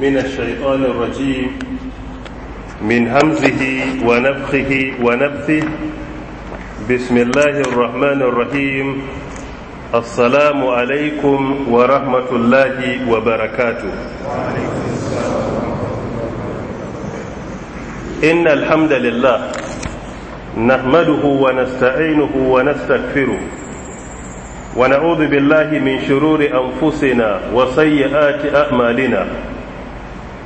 من الشيطان الرجيم من همزه ونفخه ونبثه بسم الله الرحمن الرحيم السلام عليكم ورحمة الله وبركاته إن الحمد لله نحمده ونستعينه ونستغفره ونعوذ بالله من شرور أنفسنا وسيئات أعمالنا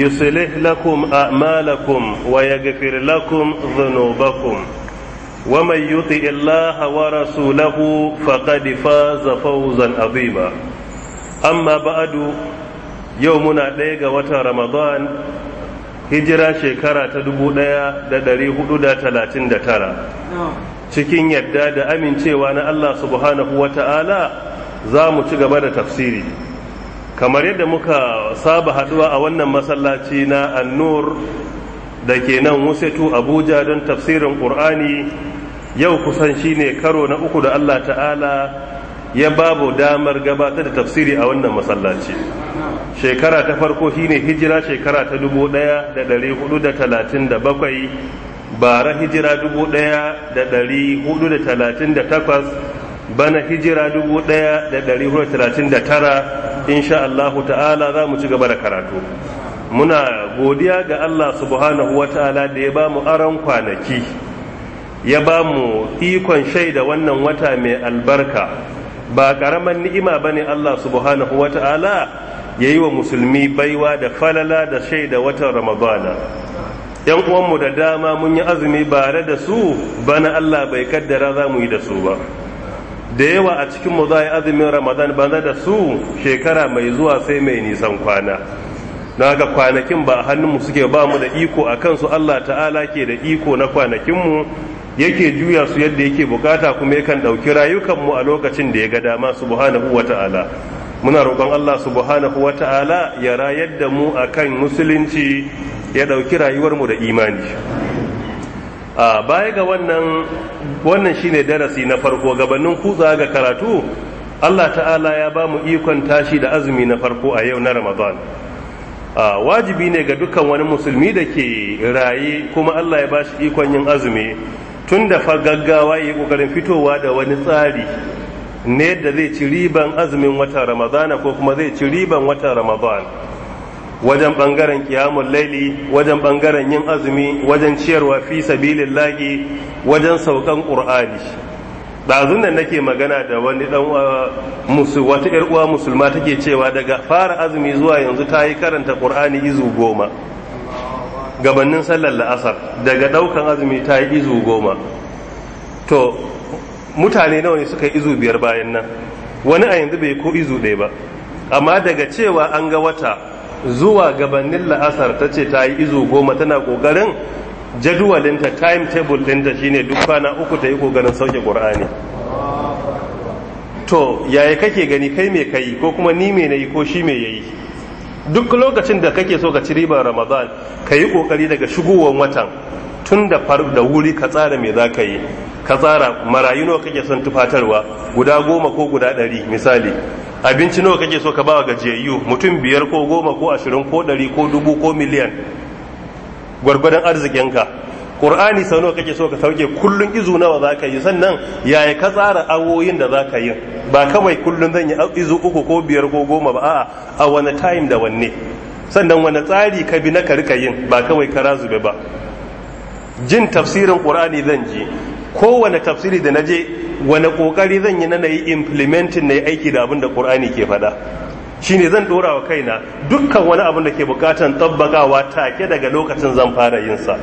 يصلح لكم أعمالكم ويغفر لكم ذنوبكم ومن يطع الله ورسوله فقد فاز فوزا عظيما أما بعد يومنا ديغا وتا رمضان هجرة شكرة تدبو ديا ددري حدودا تلاتين دتارا cikin yadda da amincewa na Allah subhanahu wa ta'ala za mu ci gaba da tafsiri kamar yadda muka saba haduwa a wannan masallaci na annur da ke nan wusetu abuja don tafsirin ƙur'ani yau kusan shi ne karo na uku da allah ta'ala ya babu damar gabatar da tafsiri a wannan masallaci shekara ta farko shine hijira shekara ta 1437 bara hijira 1438 bana hijira 1439 insha Allah ta'ala za mu ci gaba da karatu muna godiya ga Allah subhanahu wa ta'ala da ya ba mu aron kwanaki ya ba mu ikon shaida wannan wata mai albarka ba karaman ni'ima ba ne Allah subhanahu wa ta'ala ya yi wa musulmi baiwa da falala da shaida watan ramadana yan uwanmu da dama mun yi azumi bare da su bana Allah bai kaddara za mu yi da su ba da yawa a cikin mu za a yi azumin ramadan banza da su shekara mai zuwa sai mai nisan kwana na ga kwanakin ba a hannunmu suke ba mu da iko a kansu allah ta'ala ke da iko na kwanakinmu yake juya su yadda yake bukata kuma yakan ɗauki rayukanmu a lokacin da ya ga dama subhanahu wa ta'ala muna roƙon allah Su Buhanehu, wa ta'ala ya rayar da mu kan musulunci ya ɗauki rayuwarmu da imani a baya ga wannan wannan shine darasi na farko gabanin kutsa ga karatu Allah ta'ala ya ba mu ikon tashi da azumi na farko a yau na Ramadan wajibi ne ga dukkan wani musulmi da ke raye kuma Allah ya ba shi ikon yin azumi tun da fa gaggawa ya kokarin fitowa da wani tsari ne da zai ci riban azumin watan Ramadan ko kuma zai ci riban watan ramadan wajen bangaren kiyamun laili wajen bangaren yin azumi wajen ciyarwa fi sabilin sabilillahi wajen saukan ƙur'ani ɗazun nan nake magana da wani ɗan uh, wata yar uwa musulma take cewa daga fara azumi zuwa yanzu ta yi karanta ƙur'ani izu goma gabanin sallar la'asar daga ɗaukan azumi ta yi izu goma to mutane nawa ne suka yi izu biyar bayan nan wani a yanzu bai ko izu ɗaya ba amma daga cewa an ga wata zuwa gabanin la'asar ta ce ta yi izu goma tana ƙoƙarin jadwalinta timetable ɗinta shine duk kwana uku ta yi ƙoƙarin sauke ƙur'ani to yaya kake gani kai mai kai ko kuma ni me nayi ko shi me yayi duk lokacin da kake so ka ci ribar ramadan ka yi ƙoƙari daga shigowar watan tun da far da wuri ka tsara me za ka yi ka tsara marayu nawa kake son tufatarwa guda goma ko guda ɗari misali abinci nawa kake so ka ba gajiyayyu mutum biyar ko goma ko ashirin ko ɗari ko dubu ko miliyan gwargwadon arzikinka ƙur'ani sau nawa kake so ka sauke kullum izu nawa za ka yi sannan yaya ka tsara awoyin da za ka yi ba kawai kullum zan yi izu uku ko biyar ko goma ba a'a a wani time da wanne sannan wani tsari ka bi na ka rika yin ba kawai ka razube ba jin tafsirin ƙur'ani zan ji kowane tafsiri da na je wane kokari zan yi na nayi implementin na yi aiki da abin da qur'ani ke faɗa shine zan dora wa kaina dukkan wani abin da ke bukatan tabbakawa take daga lokacin zan fara yin sa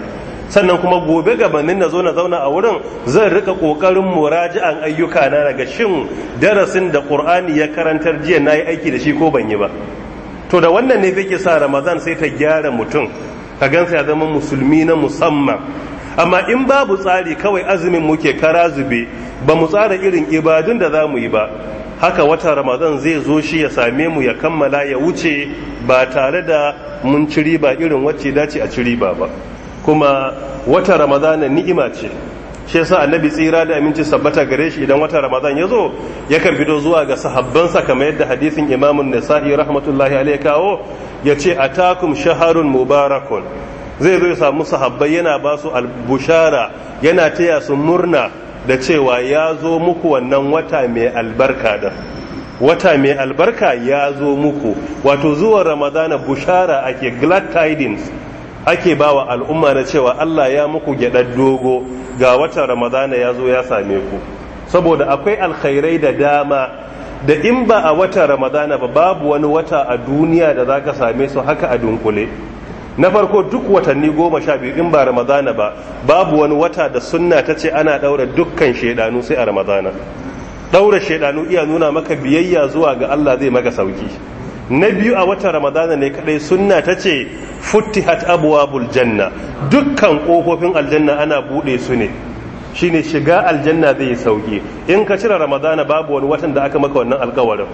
sannan kuma gobe gabanin na zo na zauna a wurin zan rika kokarin muraji'an ayyuka na daga shin darasin da qur'ani ya karantar jiya na yi aiki da shi ko ban yi ba to da wannan ne take sa ramadan sai ta gyara mutum ka gansa ya zama musulmi na musamman amma in babu tsari kawai azumin muke kara zube ba mu tsara irin ibadun da za mu yi ba haka wata ramadan zai zo shi ya same mu ya kammala ya wuce ba tare da mun ci riba irin wacce dace a ci riba ba kuma wata ramadan ni'ima ce shi yasa annabi tsira da aminci sabbata gare shi idan wata ramadan ya zo ya kan fito zuwa ga sahabbansa kamar yadda hadisin imamun nasa'i rahmatullahi alaihi kawo ya ce atakum shaharun mubarakun zai zo ya samu sahabbai yana ba su albushara yana taya su murna da cewa ya zo muku wannan wata mai albarka da wata mai albarka ya zo muku wato zuwa ramadana bushara ake glad tidings ake bawa al'umma na cewa Allah ya muku gyaɗar dogo ga wata ramadana ya zo ya same ku saboda akwai alkhairai da dama da in ba a wata ramadana ba babu wani wata a duniya da za ka same su haka a dunkule na farko duk watanni goma sha biyu in ba ramadana ba babu wani wata da sunna ta ce ana ɗaura dukkan shaidanu sai a ramadana ɗaura shaidanu iya nuna maka biyayya zuwa ga allah zai maka sauki na biyu a watan ramadana ne kadai sunna ta ce futtihat abwabul janna dukkan kofofin aljanna ana buɗe su ne shine shiga aljanna zai yi sauki in ka cire ramadana babu wani watan da aka maka wannan alkawarin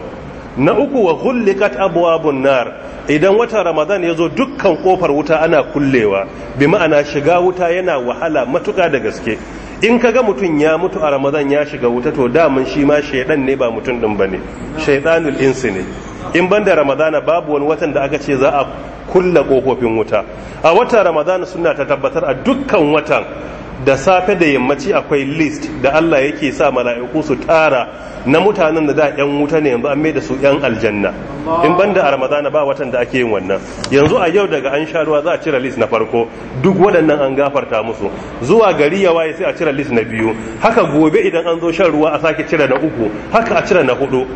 na uku wa kat abwabun nar idan watan ramadan ya zo dukkan kofar wuta ana kullewa bi ma'ana shiga wuta yana wahala matuka da gaske in ka ga mutum ya mutu a ramadan ya shiga wuta to damun shi ma shaidan ne ba mutum din ba ne shaidanul insi ne in da ramadana babu wani watan da aka ce za a kulla kofofin wuta a wata ramadana suna ta tabbatar a dukkan watan da safe da yammaci akwai list da Allah yake sa mala'iku su tara na mutanen da da yan wuta ne yanzu an mai da su yan aljanna in banda a ramadana ba watan da ake yin wannan yanzu a yau daga an sha ruwa za a cire list na farko duk waɗannan an gafarta musu zuwa gari ya waye sai a cire list na biyu haka gobe idan an zo shan ruwa a sake cire na uku haka a cire na hudu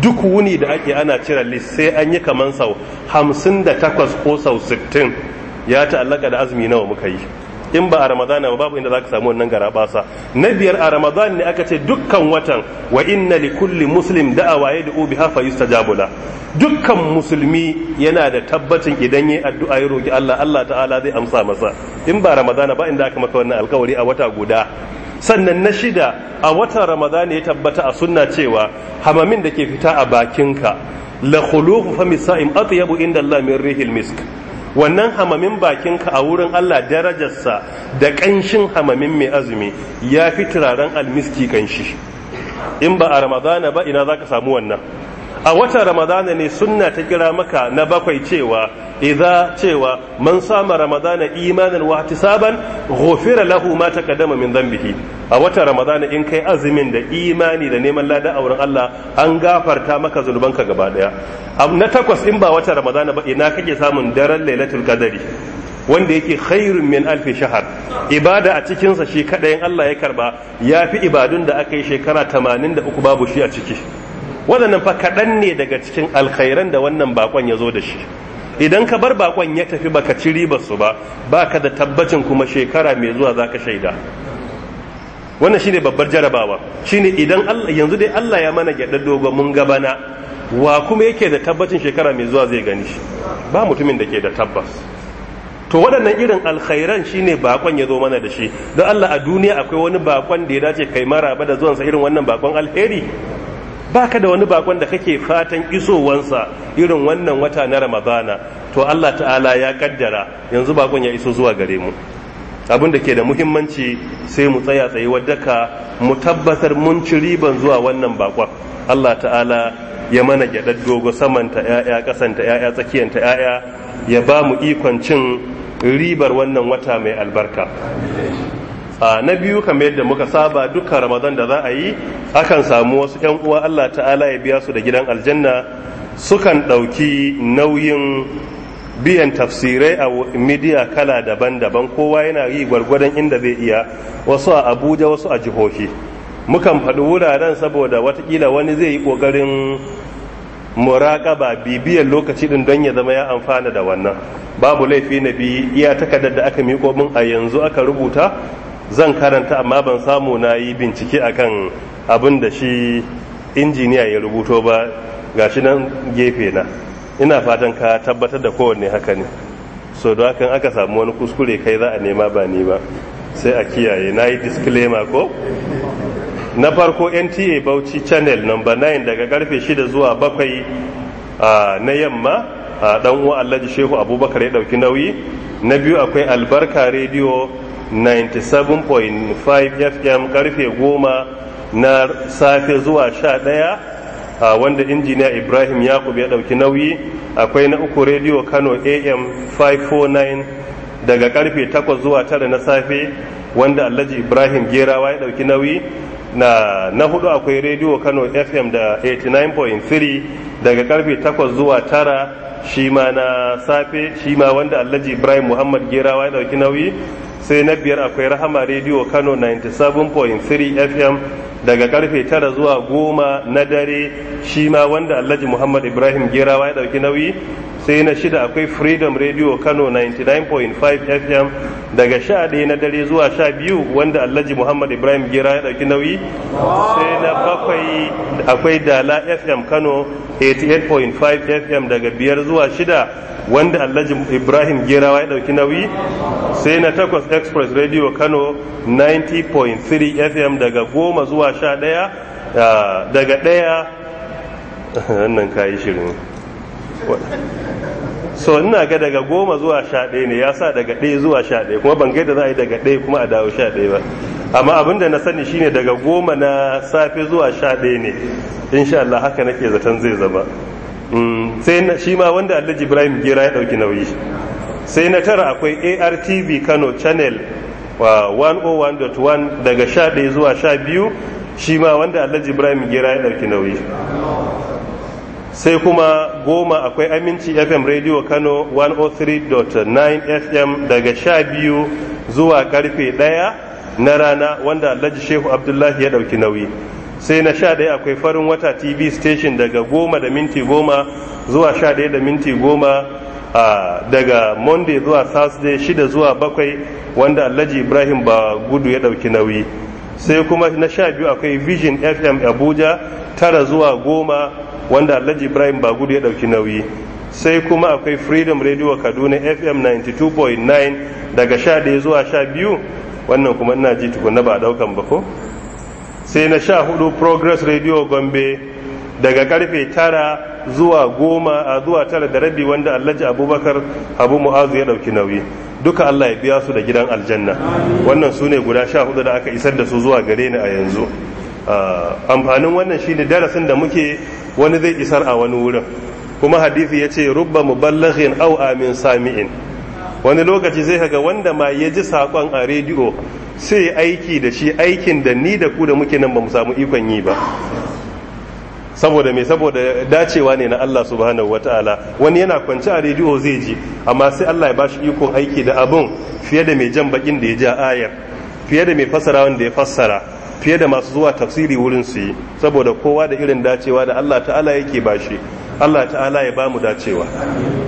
duk wuni da ake ana cire list sai an yi kaman sau hamsin da takwas ko sau sittin ya ta'allaka da azumi nawa muka yi in ba a ramadana ba babu inda za ka samu wannan garabasa na biyar a ramadan ne aka ce dukkan watan wa inna li kulli muslim da'awa ya da'u biha hafa yustajabu dukkan musulmi yana da tabbacin idan yayi addu'a ya roki Allah Allah ta'ala zai amsa masa in ba ramadana ba inda aka maka wannan alkawari a wata guda sannan na shida a watan ramadana ya tabbata a sunna cewa hamamin da ke fita a bakinka la khuluqu fami sa'im atyabu inda Allah min rihil misk wannan hamamin bakinka a wurin Allah darajarsa da ƙanshin hamamin mai azumi ya fi turaren almiski ƙanshi in ba a ramadana ba ina za ka samu wannan a watan ramadana ne sunna ta kira maka na bakwai cewa idza cewa man sama ramadana imanan wa ihtisaban ghufira lahu ma taqaddama min dhanbihi a watan ramadana in kai azumin da imani da neman lada auren Allah an gafarta maka ka gaba daya na takwas in ba watan ramadana ba ina kake samun daren lailatul qadari wanda yake khairun min alfi shahar ibada a cikinsa shi kaɗayin Allah ya karba yafi ibadun da aka yi shekara 83 babu shi a ciki waɗannan fa kaɗan ne daga cikin alkhairan da wannan bakon ya zo da shi idan ka bar bakon ya tafi baka ci ribarsu ba ba ka da tabbacin kuma shekara mai zuwa za ka shaida wannan shine babbar jarabawa shine idan yanzu dai Allah ya mana gyaɗa dogo mun gabana wa kuma yake da tabbacin shekara mai zuwa zai gani shi ba mutumin da ke da tabbas to waɗannan irin alkhairan shine bakon ya zo mana da shi don Allah a duniya akwai wani bakon da ya dace kai maraba da zuwansa irin wannan bakon alheri baka da wani bakon da kake fatan isowansa irin wannan wata na ramadana to Allah ta'ala ya kaddara yanzu bakon ya iso zuwa gare mu abin da ke da muhimmanci sai mu tsaya tsaye wadaka mu tabbatar mun ci riban zuwa wannan bakon Allah ta'ala ya mana gyaɗar dogo samanta ‘ya'ya ƙasanta ‘ya'ya tsakiyanta ‘ya'ya ya ba mu ikon cin ribar wannan wata mai albarka na biyu kamar yadda muka saba dukkan ramadan da za a yi akan samu wasu 'yan uwa allah ta'ala ya biya su da gidan aljanna sukan ɗauki nauyin biyan tafsirai a midiya kala daban-daban kowa yana yi gwargwadon inda zai iya wasu a abuja wasu a jihohi mukan faɗi wuraren saboda watakila wani zai yi ƙoƙarin muraƙaba bibiyar lokaci ɗin don ya zama ya amfana da wannan babu laifi na bi iya takardar da aka miƙo min a yanzu aka rubuta zan karanta amma ban samu na yi bincike akan abin da shi injiniya ya rubuto ba ga shi nan gefe na ina fatan ka tabbatar da kowanne haka ne so don hakan aka samu wani kuskure kai za a nema ba ni ba sai a kiyaye na yi disclaimer ko na farko nta bauchi channel number 9 daga karfe 6 zuwa 7 na yamma dan uwa alhaji shehu abubakar ya dauki nauyi na biyu akwai albarka radio 97.5 fm karfe 10 na safe zuwa 11 a wanda injiniya ibrahim yakub ya dauki nauyi akwai na uku radio kano am 549 daga karfe 8 zuwa 9 na safe wanda alhaji ibrahim gerawa ya dauki nauyi na na hudu akwai radio kano fm da 89.3 daga karfe 8 zuwa 9 shi ma na safe shi ma wanda allaji ibrahim muhammad gerawa ya dauki nauyi sai na biyar akwai rahama rediyo kano 97.3 fm daga karfe tara zuwa goma na dare shi ma wanda alhaji muhammad ibrahim gerawa ya dauki nauyi sai na shida akwai freedom radio kano 99.5 fm daga sha ɗaya na dare zuwa sha biyu wanda alhaji muhammad ibrahim gera ya ɗauki nauyi sai na bakwai akwai dala fm kano 88.5 fm daga biyar zuwa shida wanda alhaji ibrahim gerawa ya dauki nauyi sai na takwas express radio kano 90.3 fm daga goma zuwa sha daya ah, daga daya wannan kayi shirin so ina ga daga goma zuwa sha ɗaya ne ya sa daga ɗaya zuwa sha ɗaya kuma ban gaida za a yi daga ɗaya kuma a dawo sha ɗaya ba amma abin da na sani shine daga goma na safe zuwa sha ɗaya ne insha Allah haka nake zaton zai zama sai shi ma wanda Allah ibrahim gera ya dauki nauyi sai na tara akwai artv kano channel 101.1 daga 11 zuwa 12 shi ma wanda Allah ibrahim gera ya dauki nauyi sai kuma goma akwai aminci fm radio kano 103.9 fm daga 12 zuwa karfe 1 na rana wanda Allah shehu abdullahi ya dauki nauyi sai na sha ɗaya akwai farin wata tv station daga goma da minti goma zuwa sha ɗaya da minti goma daga monday zuwa saturday shida zuwa bakwai wanda alhaji ibrahim ba gudu ya ɗauki nauyi sai kuma na sha biyu akwai vision fm abuja tara zuwa goma wanda alhaji ibrahim ba gudu ya ɗauki nauyi sai kuma akwai freedom radio kaduna fm 92.9 daga sha ɗaya zuwa sha biyu wannan kuma ina ji tukuna ba ɗaukan ba ko sai na sha hudu progress radio gombe daga karfe tara zuwa goma a zuwa tara da rabi wanda alhaji abubakar abu mu'azu ya dauki nauyi duka allah ya biya su da gidan aljanna wannan su ne guda sha hudu da aka isar da su zuwa gare ni a yanzu ah, amfanin wannan shine darasin da muke wani zai isar a wani wurin kuma hadisi ya ce rubba muballaghin au amin sami'in wani lokaci zai kaga wanda ma ya ji saƙon a rediyo sai aiki da shi aikin da ni da ku da muke nan ba mu samu ikon yi ba saboda me saboda dacewa ne na Allah subhanahu ta'ala wani yana kwance a rediyo zai ji amma sai Allah ya bashi ikon aiki da abun fiye da mai jan bakin da ya ji a ayar fiye da mai fassara wanda ya fassara fiye da masu zuwa tafsiri wurin su yi saboda kowa da irin dacewa da Allah ta'ala yake bashi Allah ta'ala ya ba mu dacewa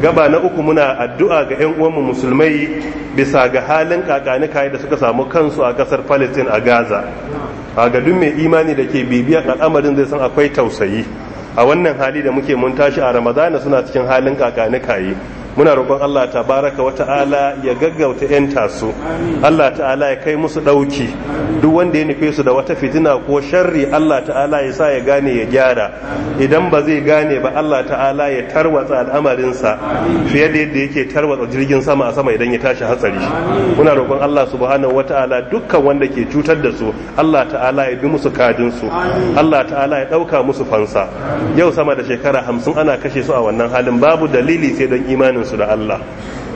gaba na uku muna addu'a ga 'yan uwanmu musulmai bisa ga halin kakani kayan da suka samu kansu a kasar palestine a gaza a ga mai imani da ke bibiya al'amarin zai san akwai tausayi a wannan hali da muke mun tashi a ramadana suna cikin halin kakani kayi muna roƙon Allah tabaraka wa ta'ala ya gaggauta 'yan taso Allah ta'ala ya kai musu ɗauki duk wanda ya nufe su da wata fitina ko sharri Allah ta'ala ya sa ya gane ya gyara idan ba zai gane ba Allah ta'ala ya tarwatsa al'amarinsa fiye da yadda yake tarwatsa jirgin sama a sama idan ya tashi hatsari muna roƙon Allah subhanahu wa ta'ala dukkan wanda ke cutar da su Allah ta'ala ya bi musu kadin su Allah ta'ala ya ɗauka musu fansa yau sama da shekara hamsin ana kashe su a wannan halin babu dalili sai don imanin su da Allah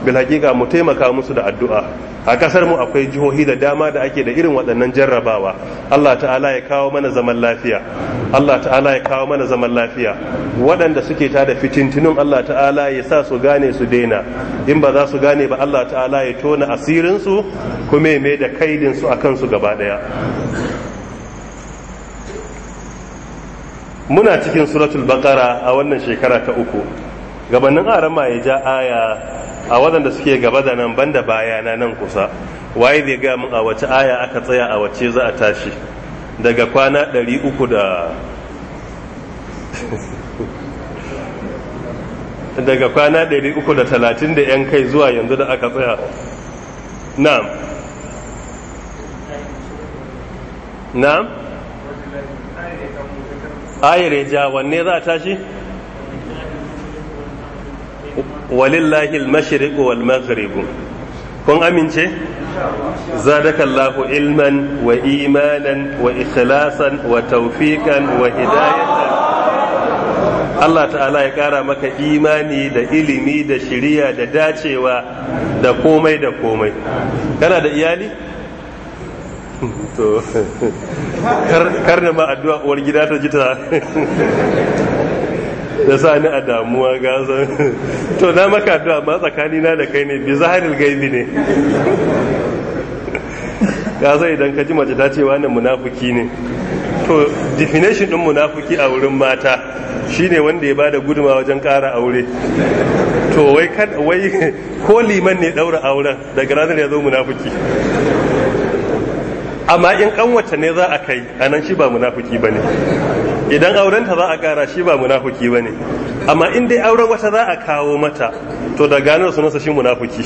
bil hakika mu taimaka musu da addu'a a ƙasar mu akwai jihohi da dama da ake da irin waɗannan jarrabawa Allah ta'ala ya kawo mana zaman lafiya Allah ta'ala ya kawo mana zaman lafiya waɗanda suke ta da fitintunun Allah ta'ala ya sa su gane su daina in ba za su gane ba Allah ta'ala ya tona asirin su kuma ya mai da kaidin su akan su gaba daya muna cikin suratul baqara a wannan shekara ta uku gabanin arama ya ja aya a waɗanda suke gaba da nan banda bayana nan kusa waye zai gaya min a wace aya aka tsaya a wace za a tashi daga kwana 300 da daga kwana 330 da 'yan kai zuwa yanzu da aka tsaya na'am na'am ayar ya ja wanne za a tashi walillahi al-mashriq wal maghrib kun amince zadakallahu ilman wa imanan wa ikhlasan wa tawfiqan wa hidayatan Allah ta'ala ya kara maka imani da ilimi da shiriya da dacewa da komai da komai kana da iyali to ne ma addu'a uwar gida ta ji ta da sa ni a damuwa zan to na maka addu'a ma tsakanina da kai ne bi zahiril gaibi ne gazan idan ka ji mace ta ce wannan munafuki ne to definition din munafuki a wurin mata shine wanda ya bada guduma wajen kara aure to wai wai ko liman ne daura auren daga ranar ya zo munafuki amma in kanwata ne za a kai anan shi ba munafuki bane idan auren ta za a kara shi ba munafuki ba ne amma in dai auren wata za a kawo mata to da ganar sunansa shi munafuki.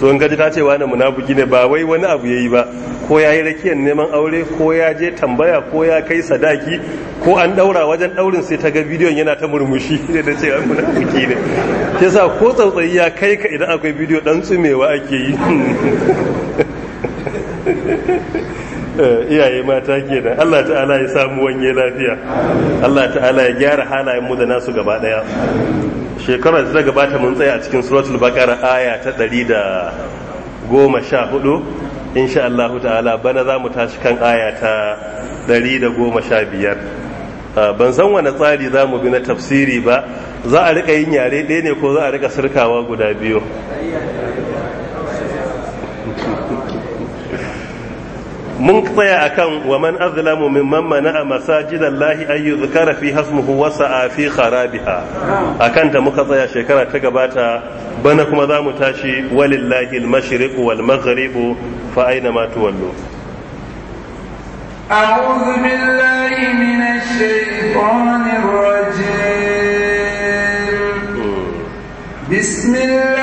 to in gaji ta ce wani munafuki ne ba wai wani abu ya yi ba ko ya yi rakiyar neman aure ko ya je tambaya ko ya kai sadaki ko an daura wajen daurin sai ta ga bidiyon yana ta murmushi ne da ce an munafuki ne sa ko tsautsayi ya kai ka idan akwai bidiyo dan tsumewa ake yi iyaye mata da, Allah ta'ala ya samu wanye lafiya Allah ta'ala ya gyara halayen mu da nasu gaba daya shekarar da ta gabata mun tsaya a cikin suratul baqara aya ta da 114 insha Allah ta'ala bana za mu tashi kan aya ta da 115 ah, ban san wani tsari za mu bi na tafsiri ba za a rika yin yare ɗaya ne ko za a rika sirkawa guda biyu mun tsaya akan wa man azlamu mimman a masajidallahi ay yuzkara fi hasmuhu wa sa'a fi kharabiha akan ta muka tsaya shekara ta gabata bana kuma zamu tashi walillahi al-mashriq wal maghrib fa aina ma tuwallu a'udhu billahi minash shaitanir rajim hmm. bismillah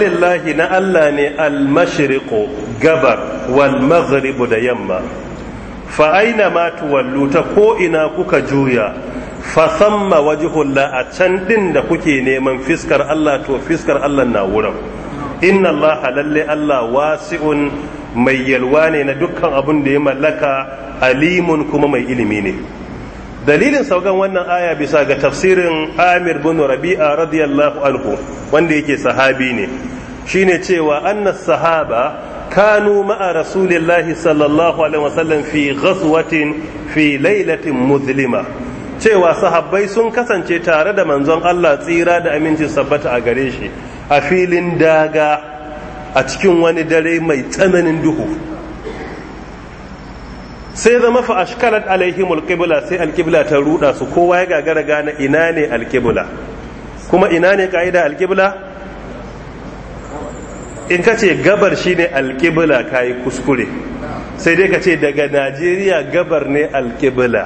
walillahi na Allah ne al-mashriqu gabar wal maghribu da yamma fa aina ma tuwallu ta ko ina kuka juya fa samma wajhullah a can din da kuke neman fiskar Allah to fiskar Allah na wurin inna Allah lalle Allah wasi'un mai yalwa ne na dukkan abun da ya mallaka alimun kuma mai ilimi ne dalilin saukan wannan aya bisa ga tafsirin amir bin rabi'a radiyallahu anhu wanda yake sahabi ne shine cewa anna sahaba kanu ma'a rasulillahi sallallahu alaihi wasallam fi ghazwatin fi lailatin muzlima cewa sahabbai sun kasance tare da manzon Allah tsira da amincin sabbata a gare shi a filin daga a cikin wani dare mai tsananin duhu sai zama fa ashkalat alaihimul qibla sai alqibla ta ruda su kowa ya gagara gane ina ne alqibla kuma ina ne kaida alqibla in kace gabar shine alqibla kai kuskure sai dai kace daga Najeriya gabar ne alqibla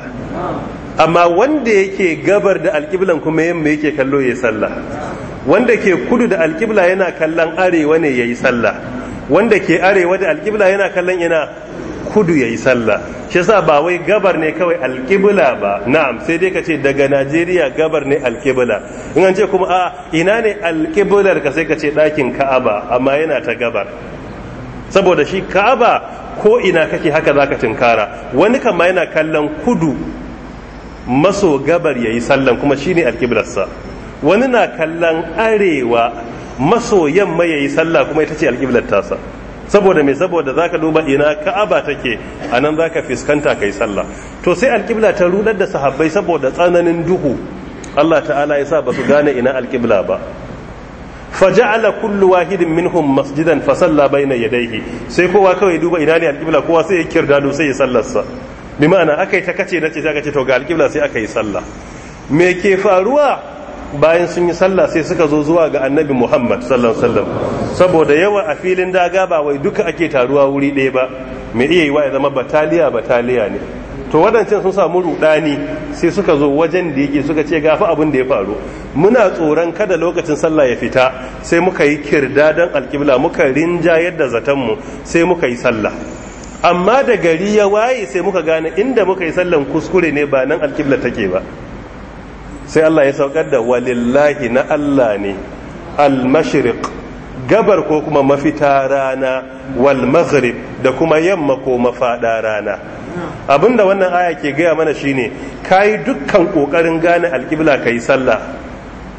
amma wanda yake gabar da alqiblan kuma yamma yake kallo yayi sallah wanda ke kudu da alqibla yana kallon arewa ne yayi sallah wanda ke arewa da alqibla yana kallon ina kudu yayi sallah shi yasa ba wai gabar ne kawai alqibla ba na'am sai dai kace daga Najeriya gabar ne alqibla in an ce kuma a ina ne alqiblar ka sai kace dakin Ka'aba amma yana ta gabar saboda shi Ka'aba ko ina kake haka zaka tinkara wani kama yana kallon kudu maso gabar yayi sallan kuma shine alqiblarsa wani na kallon arewa maso yamma yayi sallah kuma ita ce alqiblar tasa saboda me saboda zaka duba ina ka'aba take za zaka fiskanta kai sallah to sai alƙibla ta rudar da sahabbai saboda tsananin duhu Allah ta'ala ya sa ba su gane ina alƙibla ba faja'ala kullu wahidin minhum masjidan fa salla bayna yadayhi sai kowa kawai duba ina ne alƙibla kowa sai ya kirdado sai ya sallarsa bi ma'ana akai ta kace nace sai aka ce to ga alƙibla sai aka yi sallah me ke faruwa bayan sun yi sallah sai suka zo zuwa ga annabi muhammad sallallahu sallam saboda yawa a filin daga ba wai duka ake taruwa wuri ɗaya ba mai iya yiwa ya zama bataliya bataliya ne to waɗancan sun samu rudani sai suka zo wajen da yake suka ce gafi abin da ya faru muna tsoron kada lokacin sallah ya fita sai muka yi kirda don alkibla muka rinja yadda zatanmu sai muka yi sallah amma da gari ya waye sai muka gane inda muka yi sallan kuskure ne ba nan alkibla take ba sai Allah ya saukar da walillahi na Allah ne al-mashriq gabar ko kuma mafita rana wal maghrib da kuma yamma ko mafada rana abinda wannan aya ke gaya mana shine kayi dukkan kokarin gane alkibla kai sallah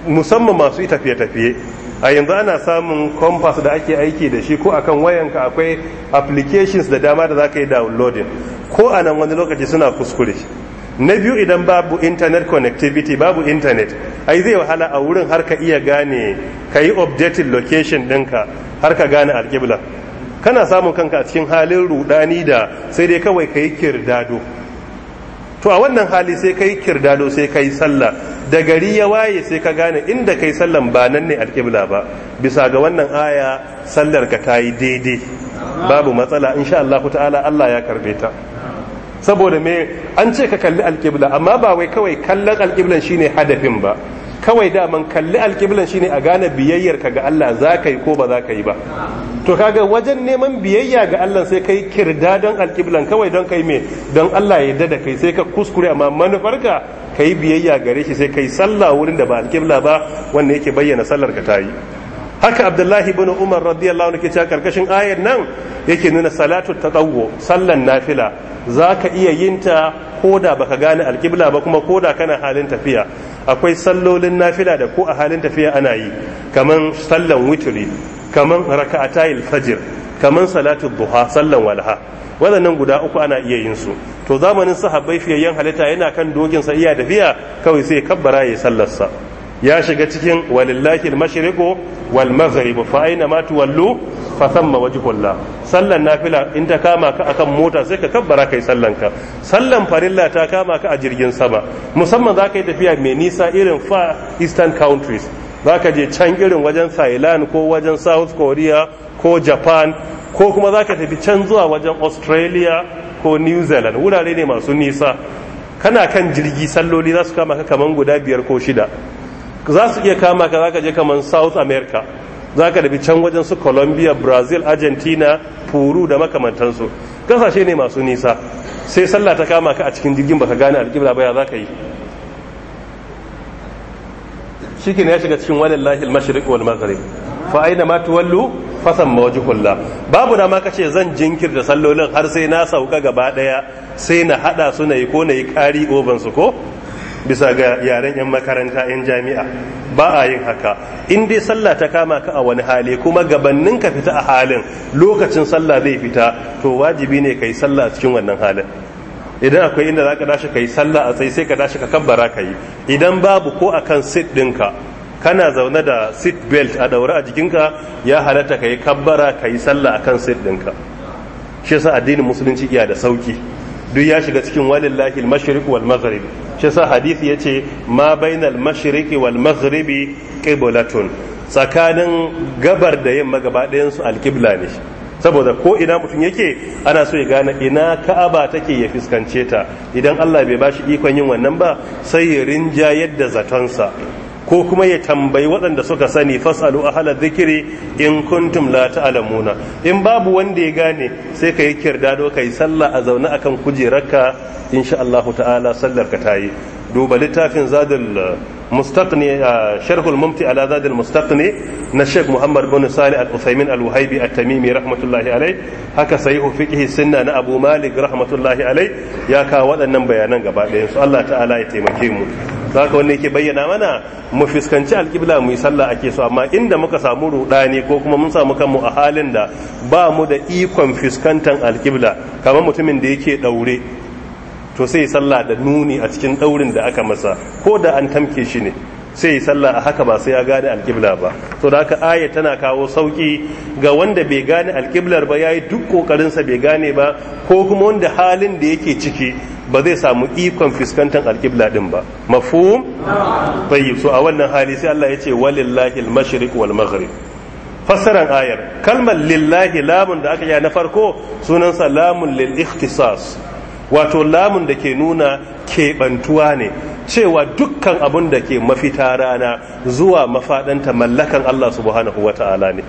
musamman masu tafiye-tafiye a yanzu ana samun compass da ake aiki da shi ko akan wayanka akwai applications da dama da zaka yi downloading ko a nan wani lokaci suna kuskure na biyu idan babu internet connectivity babu internet ai zai wahala a wurin har ka iya gane ka yi updated location ɗinka har ka gane alƙibla kana samun kanka a cikin halin rudani da sai dai kawai ka yi kirdado to a wannan hali sai ka yi kirdado sai ka yi sallah da gari ya waye sai ka gane inda ka yi sallan ba nan ne alƙibla ba bisa ga wannan aya sallar ka ta yi daidai babu matsala insha Allah ta'ala Allah ya karbe ta saboda me an ce ka kalli alƙibla amma ba wai kawai kallon alƙiblan shine hadafin ba kawai daman kalli alƙiblan shine a gane biyayyarka ga Allah za ka yi ko ba za ka yi ba to kaga wajen neman biyayya ga Allah sai kai kirda don alƙiblan kawai don kai me don Allah ya dada kai sai ka kuskure amma manufarka yi biyayya gare shi sai kai sallah wurin da ba alƙibla ba wanda yake bayyana sallar ka ta yi haka abdullahi bin umar radiyallahu anhu ke cewa karkashin ayar nan yake nuna salatu tatawwu sallan nafila zaka iya yin ta koda baka gane alqibla ba kuma koda kana halin tafiya akwai sallolin nafila da ko a halin tafiya ana yi kaman sallan witri kaman raka'atayil fajr kaman salatu duha sallan walha waɗannan guda uku ana iya yin su to zamanin sahabbai fiyayyen halitta yana kan dogin sa iya tafiya kawai sai kabbara ya sallarsa ya shiga cikin walillahi al-mashriqu wal maghribu fa aina ma tuwallu fa thamma wajhullah sallan nafila in ta kama ka akan mota sai ka kabbara kai sallan ka sallan farilla ta kama ka a jirgin sama musamman za ka yi tafiya mai nisa irin far eastern countries za ka je can irin wajen thailand ko wajen south korea ko japan ko kuma za ka tafi can zuwa wajen australia ko new zealand wurare ne masu nisa kana kan jirgi salloli za su kama ka kaman guda biyar ko shida za su iya kama ka za ka je kamar south america za ka dabi can wajen su colombia brazil argentina peru da makamantansu kasashe ne masu nisa sai sallah ta kama ka a cikin jirgin baka gane alƙibla baya za ka yi shi ya shiga cikin wani lahil mashirik wani maghrib fa aina ma tuwallu fasan kulla babu na ma ce zan jinkir da sallolin har sai na sauka gaba daya sai na hada su na yi ko na yi kari oban su ko bisa ga yaren 'yan makaranta 'yan jami'a ba a yin haka in dai sallah ta kama ka a wani hali kuma gabanin ka fita a halin lokacin sallah zai fita to wajibi ne ka yi sallah cikin wannan halin idan akwai inda za ka dashi ka yi sallah a tsaye sai ka dashi ka kabbara ka yi idan babu ko a kan sit ɗinka kana zaune da sit belt a daure a jikinka ya halatta ka yi kabbara ka yi sallah akan sit ɗinka shi yasa addinin musulunci iya da sauki duk ya shiga cikin walillahi al-mashriq wal maghrib shi sa hadisi yace ma bainal mashriq wal maghribi qiblatun tsakanin gabar da yamma gaba ɗayan su alqibla ne saboda ko ina mutum yake ana so ya gane ina ka'aba take ya fuskance ta idan Allah bai bashi ikon yin wannan ba sai ya rinja yadda sa ko kuma ya tambayi waɗanda suka sani fasalu halar zikiri in kuntum la ta'lamuna in babu wanda ya gane sai ka yi kirdado kai sallah a zaune akan kujerarka insha Allah ta'ala sallar ka tayi duba littafin zadul uh, mustaqni uh, sharhul mumti ala zadul mustaqni na Sheikh Muhammad bin Salih al-Uthaymin al-Wahibi at-Tamimi rahmatullahi alayh haka sahihu fiqhi sunna na Abu Malik rahmatullahi alai ya kawo waɗannan bayanan gaba ɗaya su Allah ta'ala ya taimake mu za ka wanda yake bayyana mana mu fuskanci alƙibla mu yi sallah ake so amma inda muka samu ruɗani ko kuma mun samu kanmu a halin da ba mu da ikon fuskantar alƙibla kamar mutumin da yake ɗaure to sai sallah da nuni a cikin ɗaurin da aka masa ko da an tamke shi ne sai yi sallah a haka ba sai ya gane alƙibla ba to da haka aya tana kawo sauki ga wanda bai gane alƙiblar ba ya yi duk ƙoƙarinsa bai gane ba ko kuma wanda halin da yake ciki ba zai samu ikon fuskantar alƙibla ɗin ba mafhum tayyib so a wannan hali sai Allah ya ce walillahil al-mashriq wal maghrib fassaran ayar kalmar lillahi lamun da aka yi na farko sunan salamun lil ikhtisas wato lamun da ke nuna keɓantuwa ne cewa dukkan abun da ke mafita rana zuwa mafaɗanta mallakan Allah subhanahu wa ta'ala ne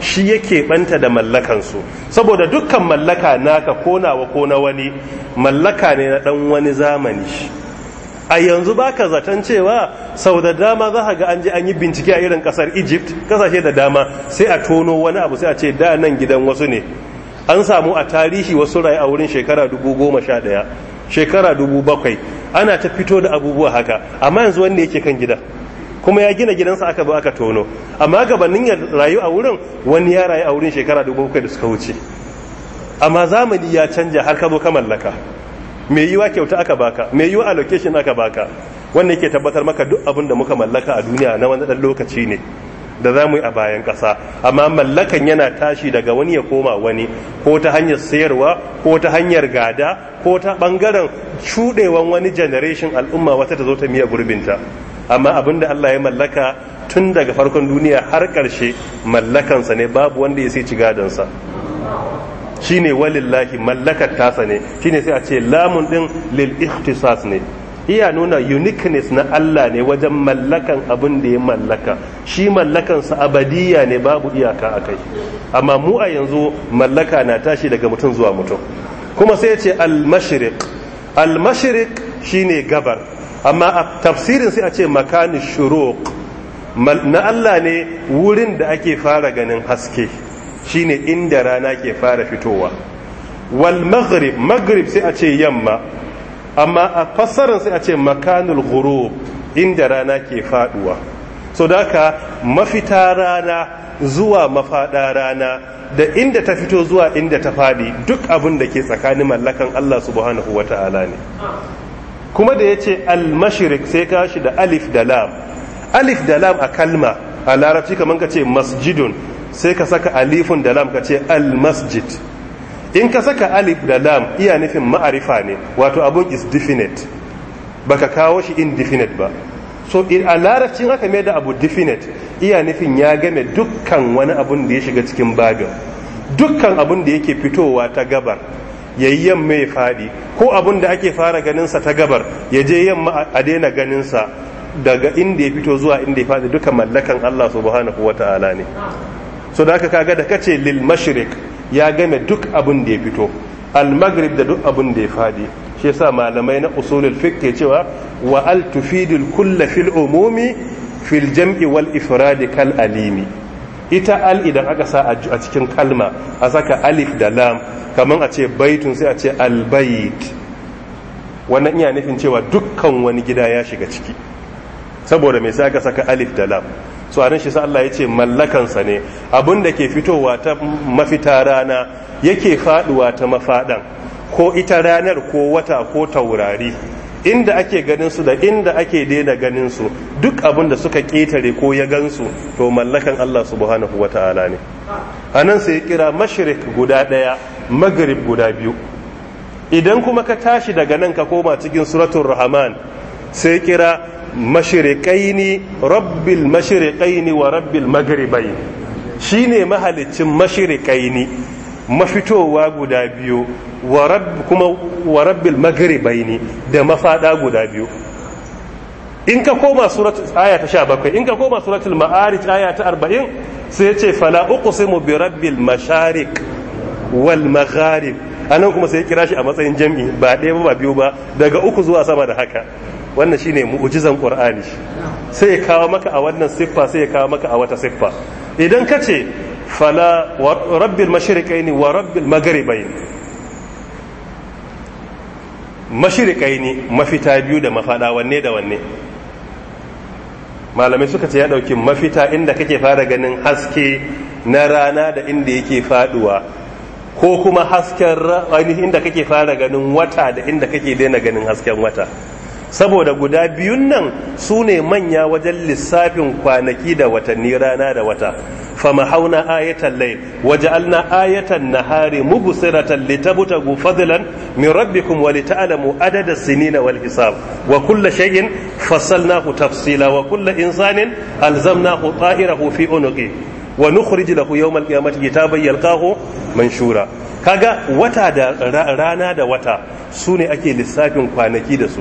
shi ya keɓanta da mallakansu saboda dukkan mallaka naka ko nawa ko na wani mallaka ne na ɗan wani zamani a yanzu baka zaton cewa sau da dama za ka ga an je an yi bincike a irin ƙasar egypt ƙasashe da dama sai a tono wani abu sai a ce da nan gidan wasu ne an samu a tarihi wasu rai a wurin shekara dubu goma sha shekara dubu ana ta fito da abubuwa haka amma yanzu wanda yake kan gida kuma ya gina gidansa aka ba aka tono amma gabanin ya rayu a wurin wani ya rayu a wurin shekara dubu da suka wuce amma zamani ya canja har ka zo ka mallaka mai yiwa kyauta aka baka mai yiwa allocation aka baka wanda yake tabbatar maka duk abin da muka mallaka a duniya na wani dan lokaci ne da za mu yi a bayan ƙasa amma mallakan yana tashi daga wani ya koma wani ko ta hanyar sayarwa ko ta hanyar gada ko ta ɓangaren cuɗewan wani generation al'umma wata ta zo ta miya gurbinta amma abin da Allah ya mallaka tun daga farkon duniya har ƙarshe mallakansa ne babu wanda ya sai ci gadonsa shine walillahi mallakar tasa ne shine sai a ce lamun din lil ikhtisas ne iya nuna uniqueness na Allah ne wajen mallakan abin da ya mallaka shi mallakansa abadiya ne babu iyaka a kai amma mu a yanzu mallaka na tashi daga mutum zuwa mutum kuma sai ya ce al-mashriq al-mashriq shine gabar amma a tafsirin sai a ce makani shuruq na Allah ne wurin da ake fara ganin haske shine inda rana ke fara fitowa wal maghrib maghrib sai a ce yamma amma a fassarar sai a ce makanul ghurub inda rana ke faduwa so daka mafita rana zuwa mafada rana da inda ta fito zuwa inda ta fadi duk abin da ke tsakanin mallakan Allah subhanahu wata'ala ne kuma da yace al-mashriq sai ka shi da alif da lam alif da lam a kalma a larabci kaman ka ce masjidun sai ka saka alifun da lam ka ce al-masjid in ka saka alif da lam iya nufin ma'arifa ne wato abun is definite Ba ka kawo shi indefinite ba so a larabcin aka mai da abu definite iya nufin ya game dukkan wani abun da ya shiga cikin bagan, dukkan abun da yake fitowa ta gabar ya yi yamma ya faɗi ko abun da ake fara ganinsa ta gabar ya je yamma a daina ganinsa daga inda ya fito zuwa inda ya faɗi duka mallakan Allah subhanahu wa ta'ala ne so da aka kaga da kace lil mashriq ya game duk abin da ya fito al-maghrib da duk abin da ya fadi shi yasa malamai na usulul fiqh ke cewa wa al tufidul kull fil umumi fil jam'i wal ifrad kal alimi ita al idan aka sa a cikin kalma a saka alif da lam kaman a ce baitun sai a ce al bait wannan iya nufin cewa dukkan wani gida ya shiga ciki saboda me sai aka saka alif da lam so nan shi sa Allah ya ce mallakansa ne abin da ke fitowa ta mafita rana yake faduwa ta mafaɗan, ko ita ranar ko wata ko taurari inda ake ganinsu da inda ake daina ganin su duk abin da suka ƙetare ko ya gansu to mallakan Allah subhanahu wata'ala ne A nan sai kira mashrik guda ɗaya, magrib guda biyu idan kuma ka tashi daga nan ka koma cikin suratul rahman sai kira mashirikaini rabbil mashirikaini wa rabbil magribai shi ne mahalicin mashirikaini mafitowa guda biyu kuma wa rabbil magribai da mafaɗa guda biyu in ka koma suratul aya ta 17 in ka koma suratul ma'arij aya ta 40 sai ya ce fala uqsimu bi rabbil mashariq wal magharib anan kuma sai ya kira shi a matsayin jam'i ba ɗaya ba biyu ba daga uku zuwa sama da haka wannan shine mu'ujizan qur'ani sai ya kawo maka a wannan siffa sai ya kawo maka a wata siffa idan ka ce fala mashirikai ne wa rabbil maghribaini mashirikai ne mafita biyu da mafaɗa wanne da wanne malamai suka ce ya ɗauki mafita inda kake fara ganin haske na rana da inda yake faɗuwa ko kuma hasken ainihin inda kake fara ganin wata da inda kake daina ganin hasken wata saboda guda biyun nan su ne manya wajen lissafin kwanaki da watanni rana da wata fama hauna ayatan lai waje alna ayatan nahari mugu siratan litabuta gu fadilan min rabbikum wa lita'alamu adada sinina wal hisab wa kulla shay'in fassalnahu tafsira, wa kulla insanin alzamnahu ta'irahu fi unuqi wa nukhrij lahu yawm al qiyamati kitaban yalqahu manshura kaga wata da rana da wata sune ake lissafin kwanaki da su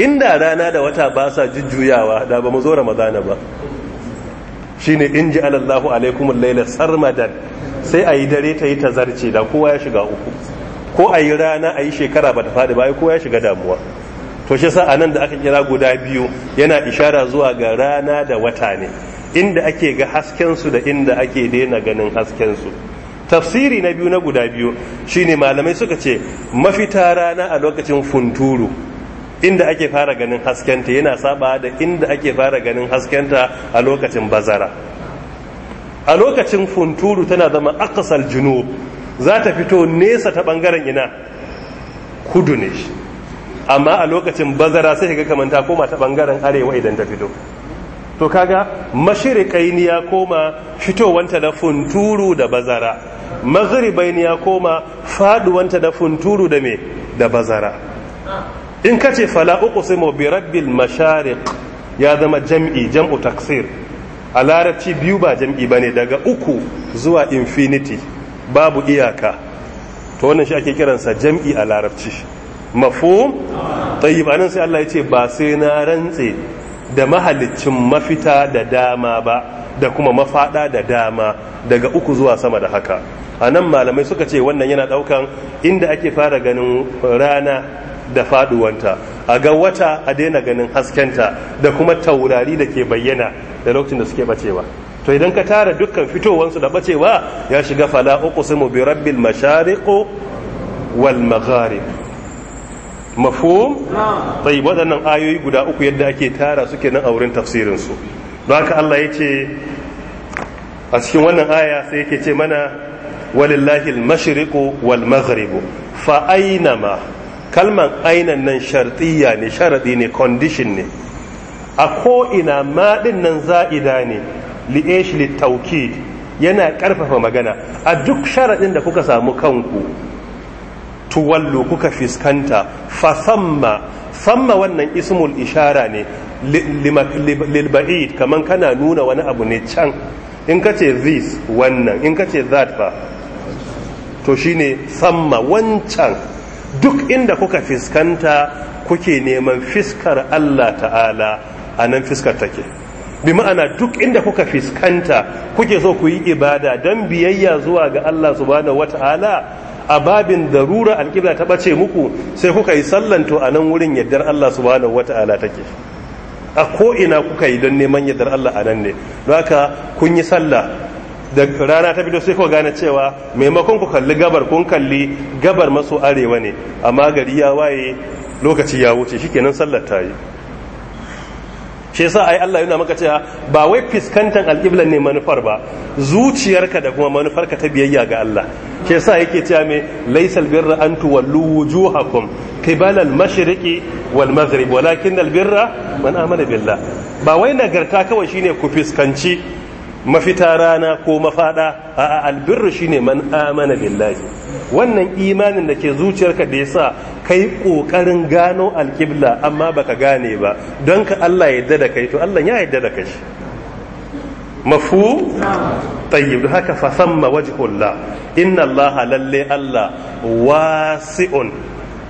inda rana da wata ba sa jujjuyawa da ba mu zo ramadana ba shine in ji alallahu alaikum laila sarmadan sai a yi dare ta yi ta zarce da kowa ya shiga uku ko a yi rana a yi shekara ba ta faɗi ba kowa ya shiga damuwa to shi sa anan da aka kira guda biyu yana ishara zuwa ga rana da wata ne inda ake ga haskensu da inda ake daina ganin haskensu tafsiri na biyu na guda biyu shine malamai suka ce mafita rana a lokacin funturu inda ake fara ganin haskenta yana saba da inda ake fara ganin haskenta a lokacin bazara a lokacin funturu tana zama akasal junu. za ta fito nesa ta bangaren ina kudu ne amma a lokacin bazara sai ga kamanta koma ta bangaren arewa idan ta fito to kaga mashirikai ya koma fitowanta da funturu da bazara maghribai ya koma faduwanta da funturu da me da bazara in ka ce fala sai mawabi rabbil mashariq ya zama jam'i jam'u taksir a larabci biyu ba jam'i bane daga uku zuwa infinity babu iyaka to wannan shi ake kiransa jam'i a larabci mafhum tayyib nan sai Allah ya ce ba sai na rantse da mahalicin mafita da dama ba da kuma mafada da dama daga uku zuwa sama da haka a nan malamai suka ce wannan yana ɗaukan inda ake fara ganin rana da faduwanta a ga wata a daina ganin haskenta da kuma taurari da ke bayyana da lokacin da suke bacewa to idan ka tara dukkan fitowansu da bacewa ya shiga fala uku uqsimu bi rabbil mashariq wal magharib mafhum tayyib wadannan ayoyi guda uku yadda ake tara su kenan a wurin tafsirin su don haka Allah ce a cikin wannan aya sai yake ce mana walillahi al-mashriqu wal maghribu fa ma kalman ainan nan shartiya ne sharaɗi ne condition ne a ko'ina maɗin nan za'ida ne li'eshi littaukid yana ƙarfafa magana a duk sharaɗin da kuka samu kanku tuwallo kuka fiskanta fa samma samma wannan ismul ishara ne lilba'id kaman kana nuna wani abu ne can in ka ce this wannan in ka that ba to shine samma wancan duk inda kuka fiskanta kuke neman fiskar Allah ta'ala a nan fiskar take bi ma'ana duk inda kuka fiskanta kuke so ku yi ibada don biyayya zuwa ga Allah subhanahu ta'ala a babin darura alƙibla ta ɓace muku sai kuka yi sallanto a nan wurin yardar Allah subhanahu ta'ala take a ko'ina kuka yi don neman yardar Allah a nan ne don haka kun yi sallah da rana ta fito sai ku gane cewa maimakon ku kalli gabar kun kalli gabar maso arewa ne amma gari ya waye lokaci ya wuce shikenan sallar ta yi shi yasa ai Allah yana maka cewa ba wai fiskantan alƙiblan ne manufar ba zuciyarka da kuma manufar ka ta biyayya ga Allah shi yasa yake cewa me laysal birra an tuwallu wujuhakum qibala al-mashriqi wal maghrib walakin al-birra man amana billah ba wai nagarta kawai shine ku fiskanci mafita rana ko mafada a albirru shine man amana billahi wannan imanin da ke zuciyarka da yasa kai kokarin gano alkibla amma baka gane ba don ka Allah ya yarda da kai to Allah ya yarda da kai mafu tayyib haka fa samma wajhullah inna Allah lalle Allah wasi'un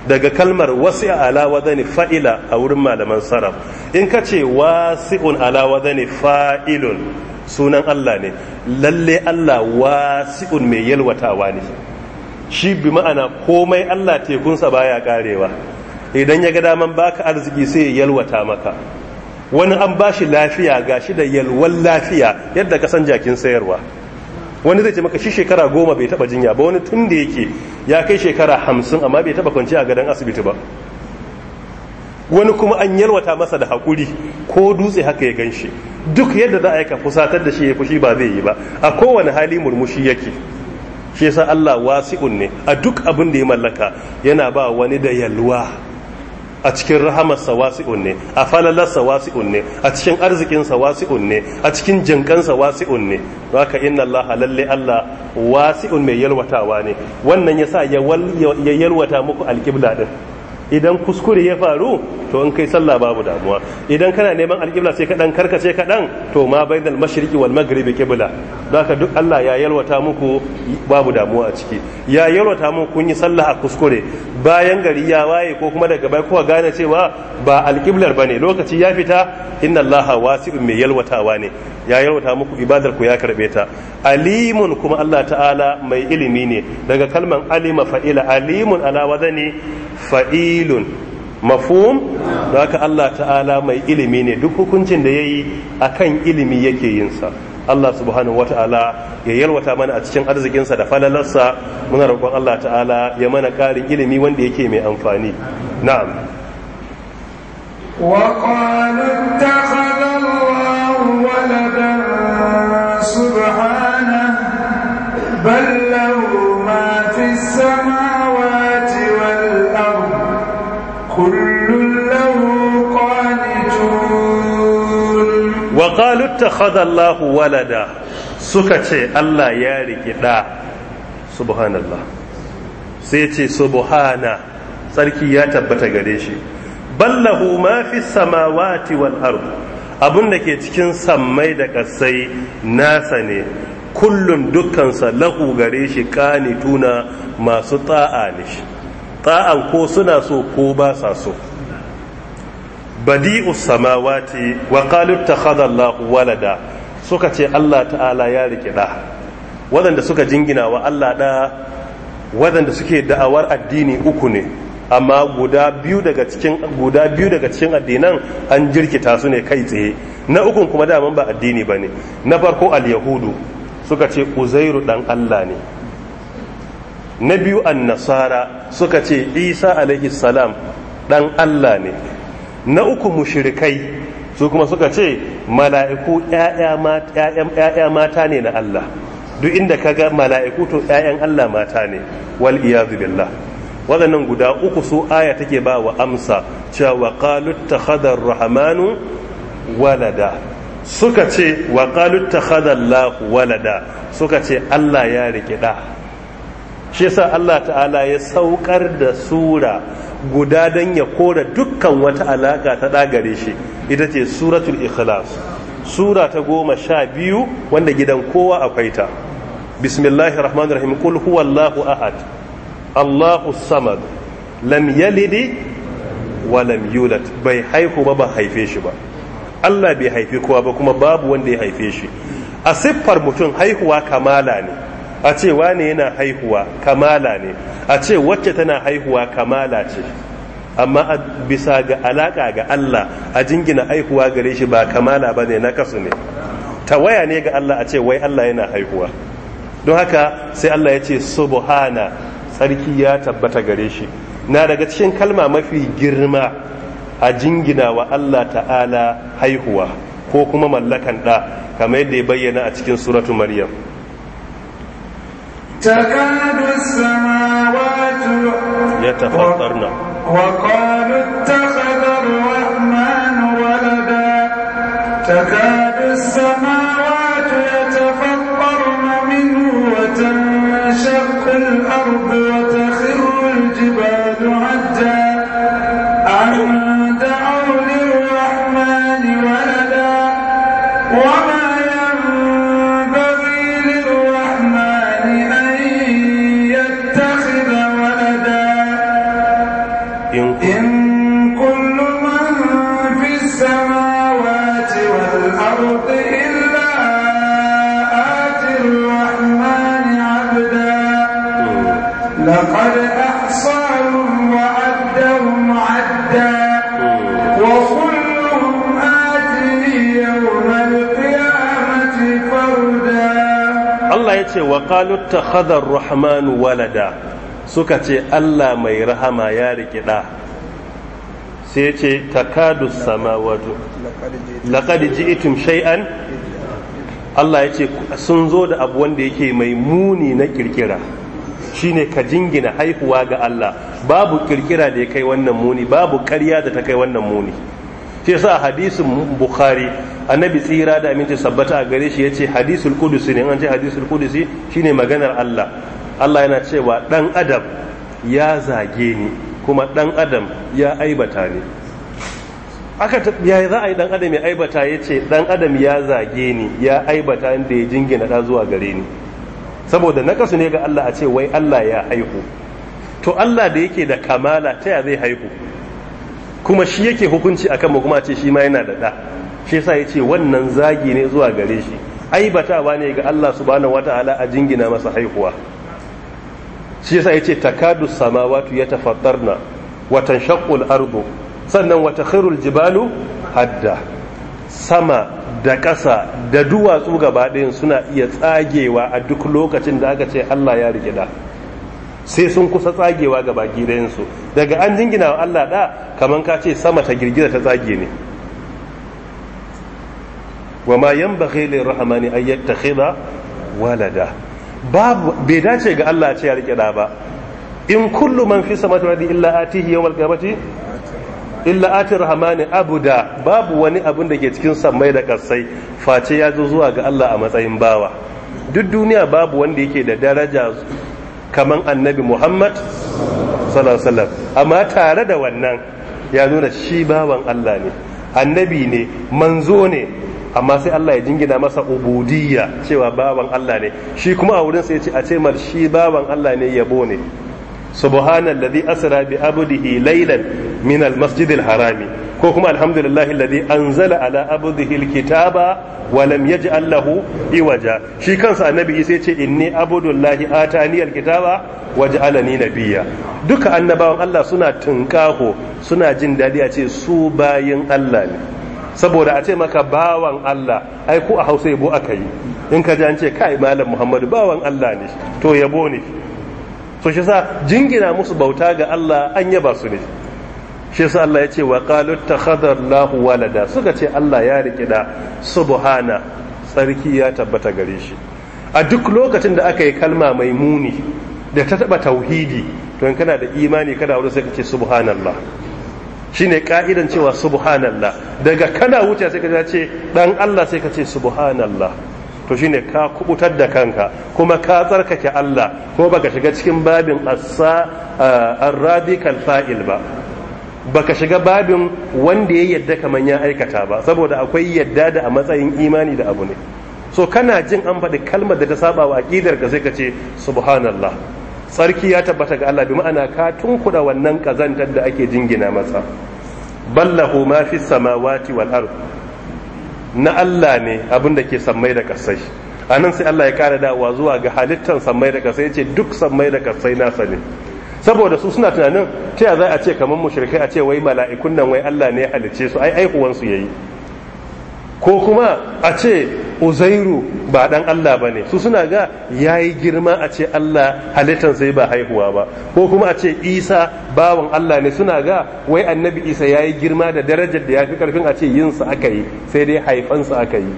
daga kalmar wasi ala wadani fa'ila a wurin malaman sarraf in ka ce wasi'un ala wadani fa'ilun sunan Allah ne lalle Allah wasi'un mai yalwatawa ne shi bi ma'ana komai Allah tekunsa baya karewa idan ya ga daman baka arziki sai yalwata maka wani an bashi lafiya gashi da yalwan lafiya yadda ka san jakin sayarwa wani zai ce maka shi shekara goma bai taba jinya ba wani tun da yake ya kai shekara hamsin amma bai taba kwanci a gadon asibiti ba wani kuma an yalwata masa da haƙuri ko dutse haka ya ganshi duk yadda za a yi ka fusatar da shi ya fushi ba zai yi ba a kowane hali murmushi yake shi yasa Allah wasi'un ne a duk abin da ya mallaka yana ba wani da yalwa a cikin rahamarsa wasi'un ne a falalarsa wasi'un ne a cikin arzikinsa wasi'un ne a cikin jinkansa wasi'un ne haka inna Allah lalle Allah wasi'un mai yalwatawa ne wannan yasa ya yalwata muku alkibla din idan kuskure ya faru to in kai sallah babu damuwa idan kana neman alƙibla sai kaɗan karkace kaɗan to ma bainal mashriqi wal maghribi qibla zaka duk Allah ya yalwata muku babu damuwa a ciki ya yalwata muku kun yi sallah a kuskure bayan gari ya waye ko kuma daga bai kuka gane cewa ba alƙiblar ne lokaci ya fita inna Allah wasi'un mai yalwatawa ne ya yalwata muku ibadar ku ya karbe ta alimun kuma Allah ta'ala mai ilimi ne daga kalman alima fa'ila alimun ala wadani fa'il wakilun mafhum haka Allah ta'ala mai ilimi ne duk hukuncin da ya yi a kan ilimi yake yinsa Allah subhanahu Ta'ala ya yalwata mana a cikin arzikinsa da falalarsa muna roƙon Allah ta'ala ya mana ƙarin ilimi wanda yake mai amfani na'am وقال اتخذ wa ta takhadallahu walada suka ce Allah ya riki da subhanallah sai ce subhana sarki ya tabbata gare shi ballahu ma fi samawati wal ard abun da ke cikin sammai da kasai nasa ne kullun dukkansa lahu gare shi kani masu ta'a ne shi ta'an ko suna so ko ba sa so badi'us samawati wa qalu takhadha Allahu walada suka ce Allah ta'ala ya rike da wadanda suka jingina wa Allah da wadanda suke da'awar addini uku ne amma guda biyu daga cikin guda biyu daga cikin addinan an jirkita su ne kai tsaye na ukun kuma da ba addini bane na farko al-yahudu suka ce uzairu dan Allah ne na biyu an-nasara suka ce Isa alaihi salam dan Allah ne na uku mushrikai su kuma suka ce mala'iku ‘ya'ya mata ne na Allah duk inda ka ga mala'iku to ‘ya'yan Allah mata ne wal iyazu billah waɗannan guda uku su aya take ba wa amsa cewa wa qalu khadar rahmanu walada suka ce wa qalutta khadar walada suka ce Allah ya rike da shi yasa Allah ta'ala ya saukar da sura guda don ya kora dukkan wata alaka ta ɗagare shi ita ce suratul ikhlas sura ta goma sha biyu wanda gidan kowa akwai ta bismillahi rahmanir rahim kul Allahu ahad allahu samad lam yalidi wa lam yulad bai haihu ba ba haife shi ba Allah bai haifi kowa ba kuma babu wanda ya haife shi a siffar mutum haihuwa kamala ne a ce wane yana haihuwa kamala ne a ce wacce tana haihuwa kamala ce amma bisa ga alaka ga Allah a jingina haihuwa gare shi ba kamala ba ne na kasu ne waya ne ga Allah a ce wai Allah yana haihuwa don haka sai Allah ya ce subhana tsarki ya tabbata gare shi na daga cikin kalma mafi girma a jingina wa Allah ta'ala haihuwa ko kuma mallakan ɗa kamar yadda ya bayyana a cikin suratu maryam تكاد السماوات يتفطرن وقالوا اتخذ الرحمن ولدا تكاد السماوات لقد أحصاهم وعدهم عدا وكلهم آتي يوم القيامة فردا الله يتي وقالوا اتخذ الرحمن ولدا سكتي الله ما يرحم يا رجلا سيتي تكاد السماوات لقد جئتم شيئا الله يتي ce أبوان ديكي ميموني abu wanda shine ka jingina haihuwa ga Allah babu kirkira da ya kai wannan muni babu ƙarya da ta kai wannan muni shi yasa hadisin bukhari annabi tsira da aminci sabbata a gare shi yace hadisul qudusi ne an ce hadisul qudusi shine maganar Allah Allah yana cewa dan adam ya zage ni kuma dan adam ya aibata ni aka ya za a yi dan adam ya aibata yace dan adam ya zage ni ya aibata inda ya jingina da zuwa gare ni saboda nakasu ne ga Allah a ce wai Allah ya haihu to Allah da yake da kamala ta ya zai haihu kuma shi yake hukunci a kanmu kuma ce shi ma yana da ɗa shi sa ya ce wannan zagi ne zuwa gare shi ai aibatawa ne ga Allah su wata ala a jingina masa haihuwa shi yasa yace takadu ya yatafattarna wa watan shak'ul ardu sannan wata khirul jibalu hadda sama da ƙasa da duwatsu gaba suna iya tsagewa a duk lokacin da aka ce Allah ya rigida sai sun kusa tsagewa gaba gidayensu daga an jingina wa Allah ɗa kamar ka ce sama ta girgiza ta tsage ne wa ma yan bakhailin rahamani ayyatta khida walada babu bai dace ga Allah ce ya rike da ba in kullu man fi sama radi illa atihi yawal gabati. illa atir rahmani abuda babu wani abun da ke cikin samai da karsai face ya zo zuwa ga Allah a matsayin bawa duk duniya babu wanda yake da daraja kaman annabi Muhammad sallallahu alaihi amma tare da wannan ya nuna shi bawan Allah ne annabi ne manzo ne amma sai Allah ya jingina masa ubudiyya cewa bawan Allah ne shi kuma a wurin sai ya ce a ce mal shi bawan Allah ne yabo ne subhanallazi asra bi abdihi laylan min almasjidil harami ko kuma alhamdulillahi allazi anzala ala abdihi alkitaba wa yaji Allahu lahu iwaja shi kansa annabi sai ce inni abdullahi waje alkitaba wa ja'alani nabiyya duka annabawan Allah suna tunkaho suna jin daɗi, a ce su bayan Allah ne saboda a ce maka bawan Allah ai a Hausa yabo aka yi in ka ji an ce kai malam Muhammadu bawan Allah ne to yabo ne so shi sa jingina musu bauta ga Allah an yaba su ne shi sa Allah ya ce wa qalu takhadallahu walada suka ce Allah ya rike da subhana tsarki ya tabbata gare shi a duk lokacin da aka yi kalma mai muni da ta taba tauhidi to in kana da imani kana wurin sai ka ce subhanallah shine ka'idan cewa subhanallah daga kana wuce sai ka ce dan Allah sai ka ce subhanallah to shine ka kubutar da kanka kuma ka tsarkake Allah ko baka shiga cikin babin assa ar-radikal fa'il ba baka shiga babin wanda ya yadda kaman ya aikata ba saboda akwai yadda da a matsayin imani da abu ne so kana jin an faɗi kalmar da ta saba wa aqidar ka sai ka ce subhanallah sarki ya tabbata ga Allah bi ma'ana ka tunkuda wannan kazantar da ake jingina masa ballahu ma fi samawati wal ardh na Allah ne abin da ke sammai da kasai a nan sai Allah ya kara dawa zuwa ga halittar sammai da kasai ce duk sammai da kasai nasa ne saboda su suna tunanin ta za a ce kamar mushrikai a ce wai mala'ikun nan wai Allah ne ya halice su ai aihuwansu yi. ko kuma a ce uzairu ba dan Allah ba ne su suna ga ya yi girma a ce Allah halittar sai ba haihuwa ba ko kuma a ce isa bawan Allah ne suna ga wai annabi isa ya yi girma da darajar da ya fi karfin a ce yinsa aka yi sai dai haifansa aka yi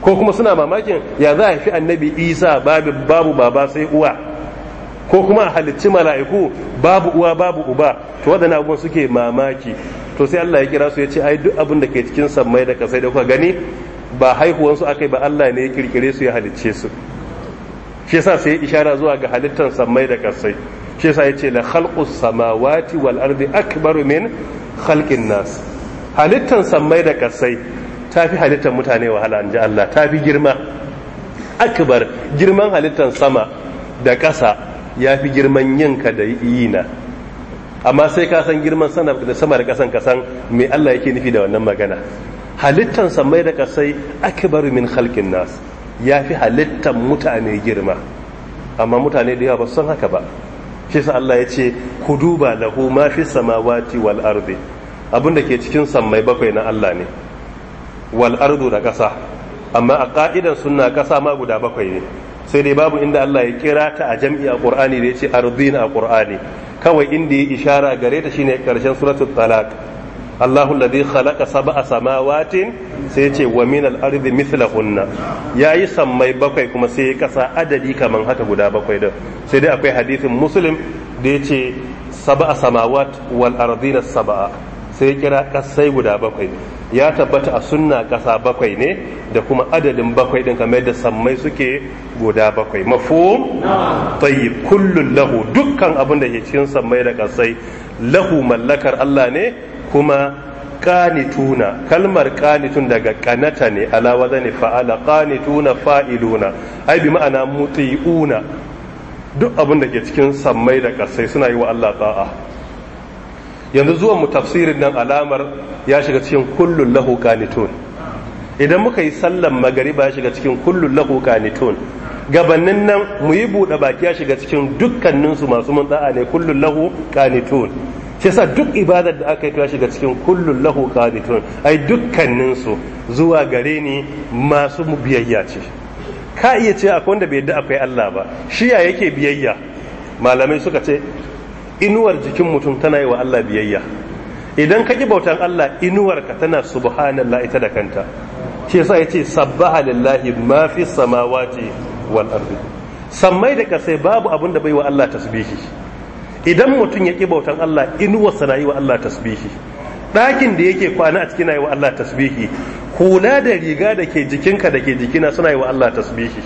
ko kuma suna mamakin ya za a fi annabi isa babu babu baba sai uwa ko kuma a halicci mala'iku babu uwa babu uba to waɗanda abubuwan suke mamaki to sai Allah ya kira su ya ce ai duk abin da ke cikin sammai da kasai da kuka gani ba su akai ba Allah ne ya kirkire su ya halicce su shi yasa sai ishara zuwa ga halittar sammai da kasai shi yasa yace la khalqus samawati wal ardi akbaru min khalqin nas halittar sammai da kasai tafi halittar mutane wahala anja Allah tafi girma akbar girman halittar sama da ƙasa ya fi girman yinka da yi na. amma sai ka san girman sama da kasan kasan me Allah yake nufi da wannan magana halittan samai da kasai akbaru min khalqin nas yafi halittan mutane girma amma mutane da yawa ba san haka ba shi sa Allah yace ce ku duba lahu ma fi samawati wal ardi abinda ke cikin samai bakwai na Allah ne wal ardu da kasa amma a ka'idan sunna kasa ma guda bakwai ne sai dai babu inda Allah ya kira ta a jam'i a Qur'ani da ya ce ardina a Qur'ani kawai inda ya ishara gare ta shine karshen suratul talak Allahu alladhi khalaqa sab'a samawatin sai yace wa min al-ardi mithlahunna yayi sammai bakwai kuma sai kasa adadi kaman haka guda bakwai din sai dai akwai hadisin muslim da yace sab'a samawat wal ardina sab'a sai kira kasai guda bakwai ya tabbata a sunna kasa bakwai ne da kuma adadin bakwai din kamar da sammai suke guda bakwai mafu tayyib kullun lahu dukkan abin da ke cikin sammai da kasai lahu mallakar Allah ne kuma qanituna kalmar qanitun daga qanata ne ala wazani fa'ala qanituna fa'iluna ai bi ma'ana muti'una duk abin da ke cikin sammai da kasai suna yi wa Allah ta'a yanzu zuwa mu tafsirin nan alamar ya shiga cikin kullun lahu qanitun idan muka yi sallan magariba ya shiga cikin kullun lahu qanitun gabanin nan mu yi buɗe baki ya shiga cikin dukkaninsu masu mun da'a ne kullun lahu qanitun shi yasa duk ibadar da aka yi ta shiga cikin kullun lahu qanitun ai dukkaninsu zuwa gare ni masu mu biyayya ce ka iya ce akwai wanda bai yadda akwai Allah ba shi ya yake biyayya malamai suka ce inuwar jikin mutum tana yi wa Allah biyayya idan ka ƙi bautan Allah inuwarka tana subhanallah ita da kanta shi yasa yace sabbaha lillahi ma fi samawati wal ardi sammai da kasai babu abin da bai wa Allah tasbihi idan mutum ya ƙi bautan Allah inuwarsa na yi wa Allah tasbihi ɗakin da yake kwana a cikin wa Allah tasbihi hula da riga da ke jikinka da ke jikina suna yi wa Allah tasbihi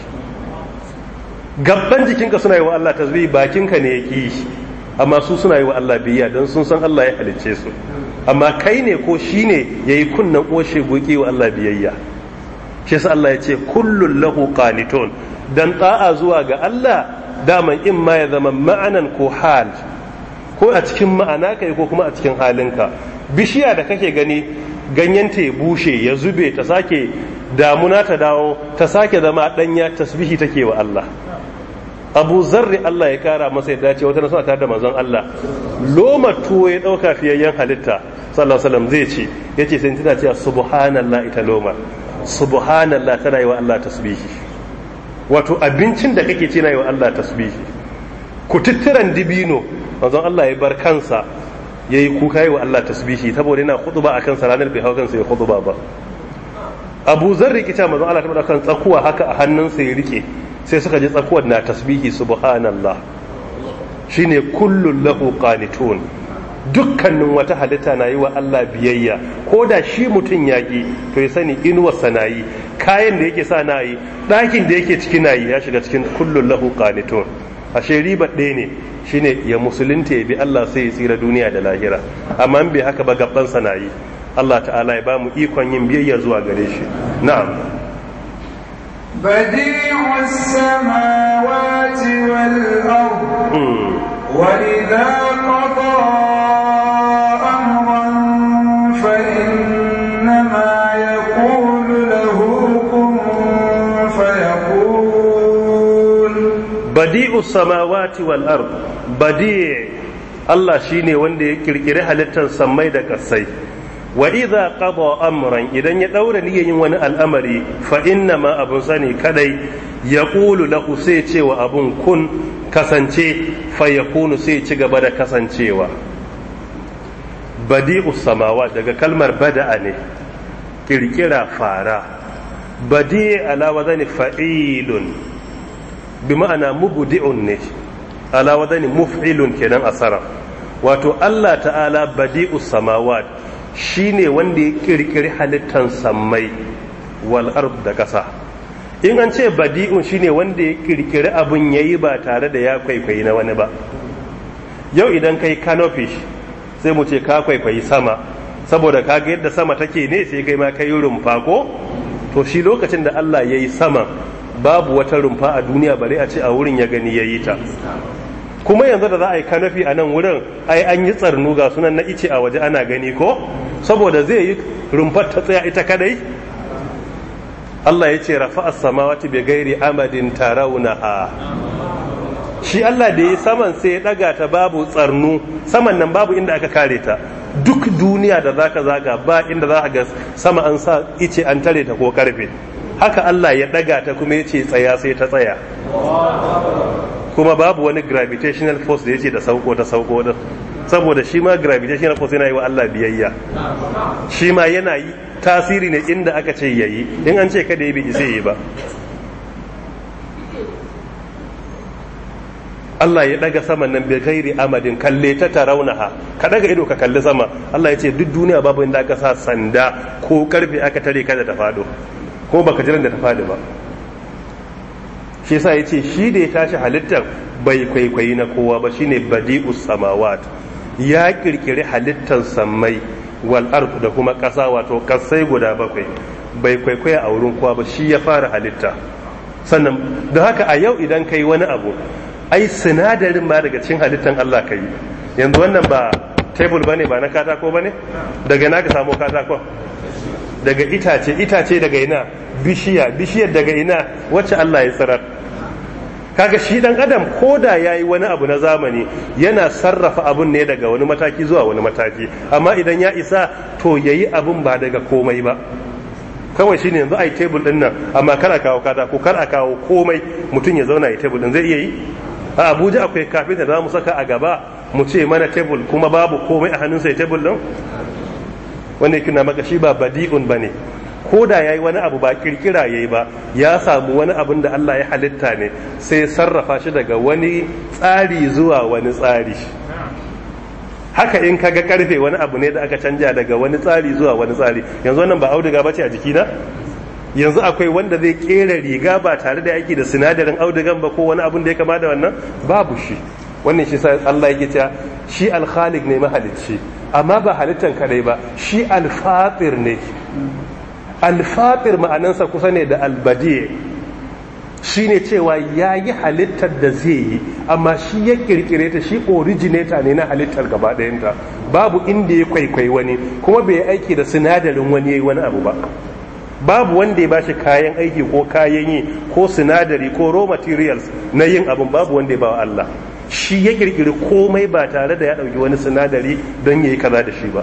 gabban jikinka suna yi wa Allah tasbihi bakinka ne yake yi amma su suna yi wa Allah biyayya don sun san Allah ya halicce su amma kai ne ko shi ne ya yi kunnan ƙoshe goki wa Allah biyayya shi sa Allah ya ce kullun lahu dan ta'a zuwa ga Allah daman in ma ya zama ma'anan ko hal ko a cikin ma'ana kai ko kuma a cikin halinka bishiya da kake gani ganyen ta bushe ya zube ta sake damuna ta dawo ta sake zama ɗanya tasbihi take wa Allah abu zarri Allah ya kara masa ya ce wata suna tare da manzon Allah loma tuwo ya dauka fiyayyen halitta sallallahu alaihi wasallam zai ce yace sai tana cewa subhanallah ita loma subhanallah tana yi wa Allah tasbihi wato abincin da kake ci na yi wa Allah tasbihi kututturan dibino manzon Allah ya bar kansa yayi kuka yi wa Allah tasbihi saboda yana khutba akan ranar bai hawo kansa ya khutba ba Abu Zarri kita manzon Allah ta kan tsakuwa haka a hannunsa ya rike sai suka ji tsakuwar na tasbihi subhanallah shine kullun lahu qanitun dukkanin wata halitta na yi wa Allah biyayya ko da shi mutum ya ƙi to ya sani inuwar sanayi kayan da yake sa na yi ɗakin da yake ciki na yi ya shiga cikin kullun lahu qanitun ashe riba ɗaya ne shine ya musulunta ya bi Allah sai ya tsira duniya da lahira amma in bai haka ba gabban sa na Allah ta'ala ya ba mu ikon yin biyayya zuwa gare shi na'am Badi u sama watiwal 'ar, wa idan kafofin amfaninama ya kula hukumar faya Badi Allah shi ne wanda ya kirkiro halittar samai da ƙarsai. wa idza qada amran idan ya daura niyyar yin wani al'amari fa inna ma abun sani kadai yaqulu lahu sai cewa abun kun kasance fa yakunu sai ci gaba da kasancewa badi'us samawa daga kalmar bada'a ne kirkira fara badi ala wazani fa'ilun bi ma'ana mubdi'un ne ala wazani muf'ilun kenan asara wato Allah ta'ala badi'us samawat Shi ne wanda ya kirkiri halittar sammai wal da ƙasa in an ce badi'un ne wanda ya kirkiri abun yi ba tare da ya kwaikwayi na wani ba yau idan kai kanofish sai mu ce ka kwaikwayi sama saboda ka ga yadda sama take ne sai kai ma kai rumfa ko to shi lokacin da Allah ya yi sama babu wata rumfa a duniya bare a ce a wurin ya gani yayi ta kuma yanzu da za a yi kanafi a nan wurin ai an yi tsarnu ga sunan na ice a waje ana gani ko saboda zai yi rumfar ta tsaya ita kadai Allah ya ce rafa as-samawati bi ghairi amadin tarawunaha shi Allah da ya saman sai ya daga ta babu tsarnu saman nan babu inda aka kare ta duk duniya da zaka zaga ba inda za ga sama an sa ice an tare ta ko karfe haka Allah ya daga ta kuma ya ce tsaya sai ta tsaya kuma babu wani gravitational force da ce da sauko ta sauko da saboda shi ma gravitational force yana yi wa Allah biyayya shi ma yana yi tasiri ne inda aka ce yayi in an ce kada ya bi sai yi ba Allah ya daga saman nan bai kairi amadin kalle ta taraunaha ka daga ido ka kalli sama Allah ya ce duk duniya babu inda aka sa sanda ko karfe aka tare kada ta fado ko baka jiran da ta fadi ba shi ya yace shi da ya tashi halittar bai kwaikwayi na kowa ba shine badi'us samawat ya kirkiri halittar samai wal ardu da kuma ƙasa wato ƙasai guda bakwai bai kwaikwaya a wurin kowa ba shi ya fara halitta sannan da haka a yau idan kai wani abu ai sinadarin ma daga cikin halittan Allah kai yanzu wannan ba tebul bane ba na katako bane daga na ka samu katakon daga itace itace daga ina bishiya bishiyar daga ina wacce Allah ya tsirar kaga shi dan adam ko da yayi wani abu na zamani yana sarrafa abun ne daga wani mataki zuwa wani mataki amma idan ya isa to yayi abun ba daga komai ba kawai shine yanzu ai tebul din nan amma kar a kawo ko kar a kawo komai mutum ya zauna ya tebul din zai iya yi a abuja akwai kafin da za mu saka a gaba mu ce mana tebul kuma babu komai a hannunsa ya tebul din wanda yake na maka shi ba badi'un bane ko da ya yi wani abu ba kirkira yi ba ya samu wani abin da Allah ya halitta ne sai sarrafa shi daga wani tsari zuwa wani tsari haka in ka ga karfe wani abu ne da aka canja daga wani tsari zuwa wani tsari yanzu wannan ba auduga ba ce a jikina yanzu akwai wanda zai kera riga ba tare da yaki da sinadarin audugan ba ko wani abun da ya kama da wannan babu shi wannan shi sai Allah yake cewa shi alkhaliq ne mahalicci amma ba halittan kadai ba shi alfatir ne alfatir ma'anansa kusa ne da albadi shine cewa ya yi halittar da zai yi amma shi ya kirkire ta shi originator ne na halittar gaba ɗayanta babu inda ya kwaikwai wani kuma bai aiki da sinadarin wani ya yi wani abu ba babu wanda ya shi kayan aiki ko kayan yi ko sinadari ko raw materials na yin abin babu wanda ya wa Allah shi ya kirkiri komai ba tare da ya ɗauki wani sinadari don ya yi kaza da shi ba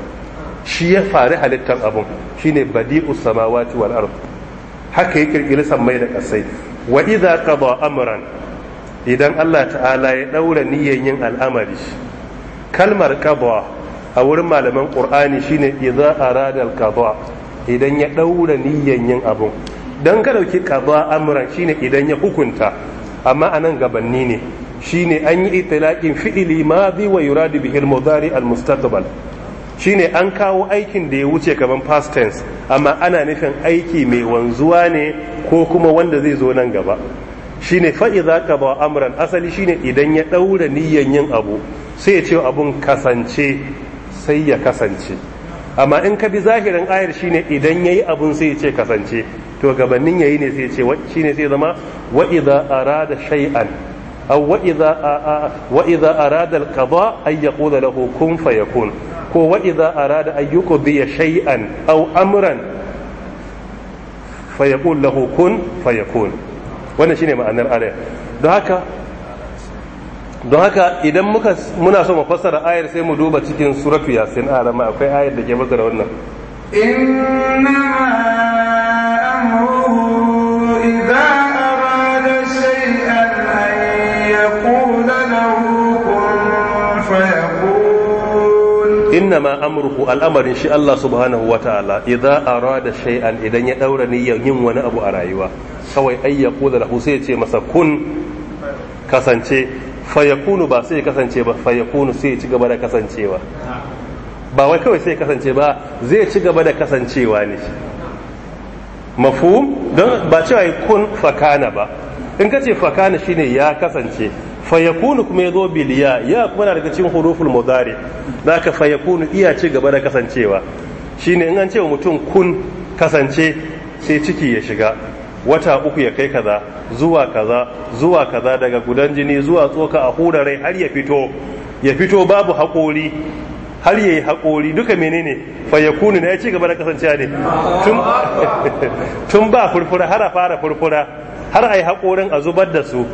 shi ya fari halittar abun shine badi'u samawati wal ardu haka ya kirkiri sammai da kasai wa idza qada amran idan Allah ta'ala ya daura niyyar yin al'amari kalmar qada a wurin malaman qur'ani shine idza arada al qada idan ya daura niyyan yin abun dan ka dauki qada amran shine idan ya hukunta amma anan gabanni ne shine an yi itlaqin fi'li madhi wa yuradu bihi al mudari al mustaqbal Shi ne an kawo aikin da ya wuce gaban past tense amma ana nufin aiki mai wanzuwa ne ko kuma wanda zai zo nan gaba fa’i za ka ba amran asali shi ne idan ya ɗaura niyan yin abu sai ya ce abun kasance sai ya kasance amma in ka bi zahirin ayar shi ne idan ya yi abun sai ya ce kasance to gabanin ya yi ne sai ya ce ne sai zama wa’i za a shay'an aw wa idza a idza arada al-qada fayakun ko za a arada ayyuku bi shay'an aw amran fayaqul lahu kun fayakun wannan shine ma'anar ayar don haka don haka idan muka muna so mu fassara ayar sai mu duba cikin suratu yasin arama akwai ayar da ke fassara wannan inna inna ma amruhu al'amarin shi Allah subhanahu wata'ala idza arada shay'an idan ya daura niyyar yin wani abu a rayuwa kawai ay yaqulu lahu sai ya ce masa kun kasance fayakunu ba sai ya kasance ba fayakunu sai ya ci gaba da kasancewa ba wai kawai sai ya kasance ba zai ci gaba da kasancewa ne mafhum don ba cewa kun fakana ba in ka ce fakana shine ya kasance fayakunu kuma ya zo biliya ya kuma na daga cikin huruful mudari za ka fayakunu iya ci gaba da kasancewa shine in an ce wa mutum kun kasance sai ciki ya shiga wata uku ya kai kaza zuwa kaza zuwa kaza daga gudan jini zuwa tsoka a hura har ya fito ya fito babu haƙori har ya yi haƙori duka menene fayakunu na ya ci gaba da kasancewa ne tun ba furfura har a fara furfura har a yi haƙorin a zubar da su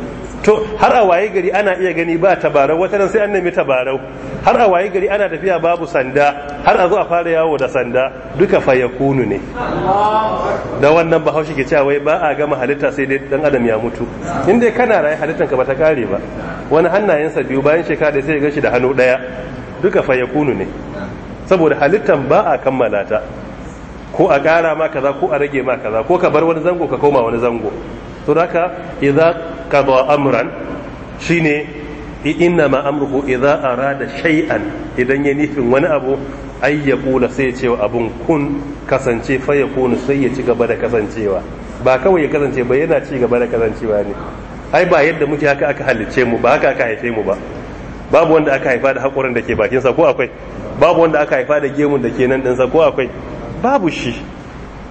to har a waye gari ana iya gani ba tabarau wata nan sai an nemi tabarau har a waye gari ana tafiya babu sanda har a zo a fara yawo da sanda duka fayakunu ne da wannan bahaushe ke cewa wai ba a gama halitta sai dai dan adam ya mutu in dai kana raye halittan ka bata kare ba wani hannayensa biyu bayan shekara sai ya gashi da hannu daya duka fayakunu ne saboda halittan ba a kammala ta ko a ƙara ma kaza ko a rage ma kaza ko ka bar wani zango ka koma wani zango to haka idza qada amran shine inna ma amruhu idza arada shay'an idan ya nufin wani abu ay ya sai ya ce wa abun kun kasance fa ya kunu sai ya ci gaba da kasancewa ba kawai ya kasance ba yana ci gaba da kasancewa ne ai ba yadda muke haka aka halicce mu ba haka aka haife mu ba babu wanda aka haifa da haƙurin da ke bakinsa ko akwai babu wanda aka haifa da gemun da ke nan sa ko akwai babu shi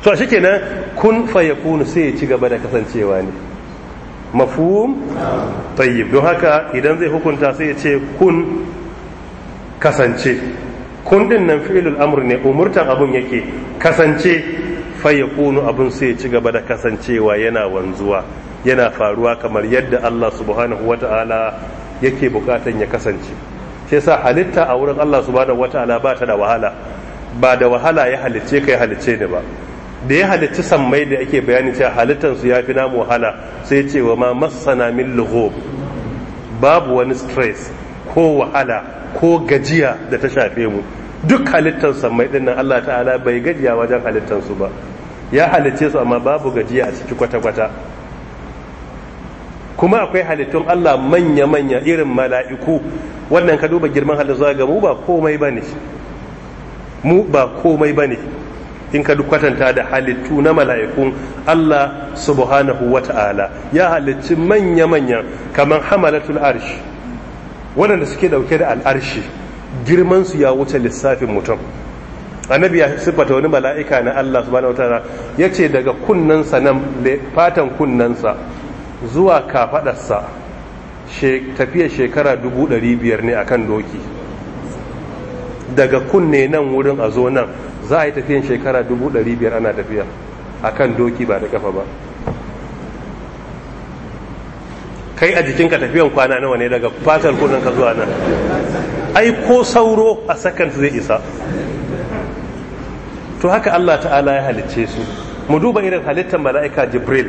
to a kenan, kun fayakunu sai ya ci gaba da kasancewa ne mafhum tayyib don haka idan zai hukunta sai ya ce kun kasance kun din nan fi'ilul amr ne umurtan abun yake kasance fayakunu abun sai ya ci gaba da kasancewa yana wanzuwa yana faruwa kamar yadda Allah subhanahu wata'ala yake bukatan ya kasance Sai sa halitta a wurin Allah subhanahu wata'ala ba ta da wahala ba da wahala ya halicce ka ya halicce ni ba da ya halitta sammai da ake bayani cewa halittar su fi namu wahala sai ce wa ma masana min lughub babu wani stress ko wahala ko gajiya da ta shafe mu duk halittar sammai din nan Allah ta'ala bai gajiya wajen halittar su ba ya halitta su amma babu gajiya a ciki kwata-kwata kuma akwai halittun Allah manya-manya irin mala'iku wannan ka duba girman halittu zuwa ga mu ba komai bane mu ba komai ba ne in ka duk kwatanta da halittu na mala'ikun Allah subhanahu wa ta'ala ya halicci manya manya kamar hamalatul arshi waɗanda suke ɗauke da al'arshi girmansu ya wuce lissafin mutum annabi ya siffata wani mala'ika na Allah subhanahu wa ta'ala ya ce daga kunnansa nan fatan kunnansa zuwa kafaɗarsa tafiya shekara dubu ɗari biyar ne a kan doki daga kunne nan wurin a zo nan za a yi tafiyan shekara dubu ɗari biyar ana tafiya a kan doki ba da kafa ba kai a jikinka tafiyan kwana nawa ne daga fatar kunan ka zuwa nan ai ko sauro a sakanta zai isa to haka Allah ta'ala ya halicce su mu duba irin halittar mala'ika jibril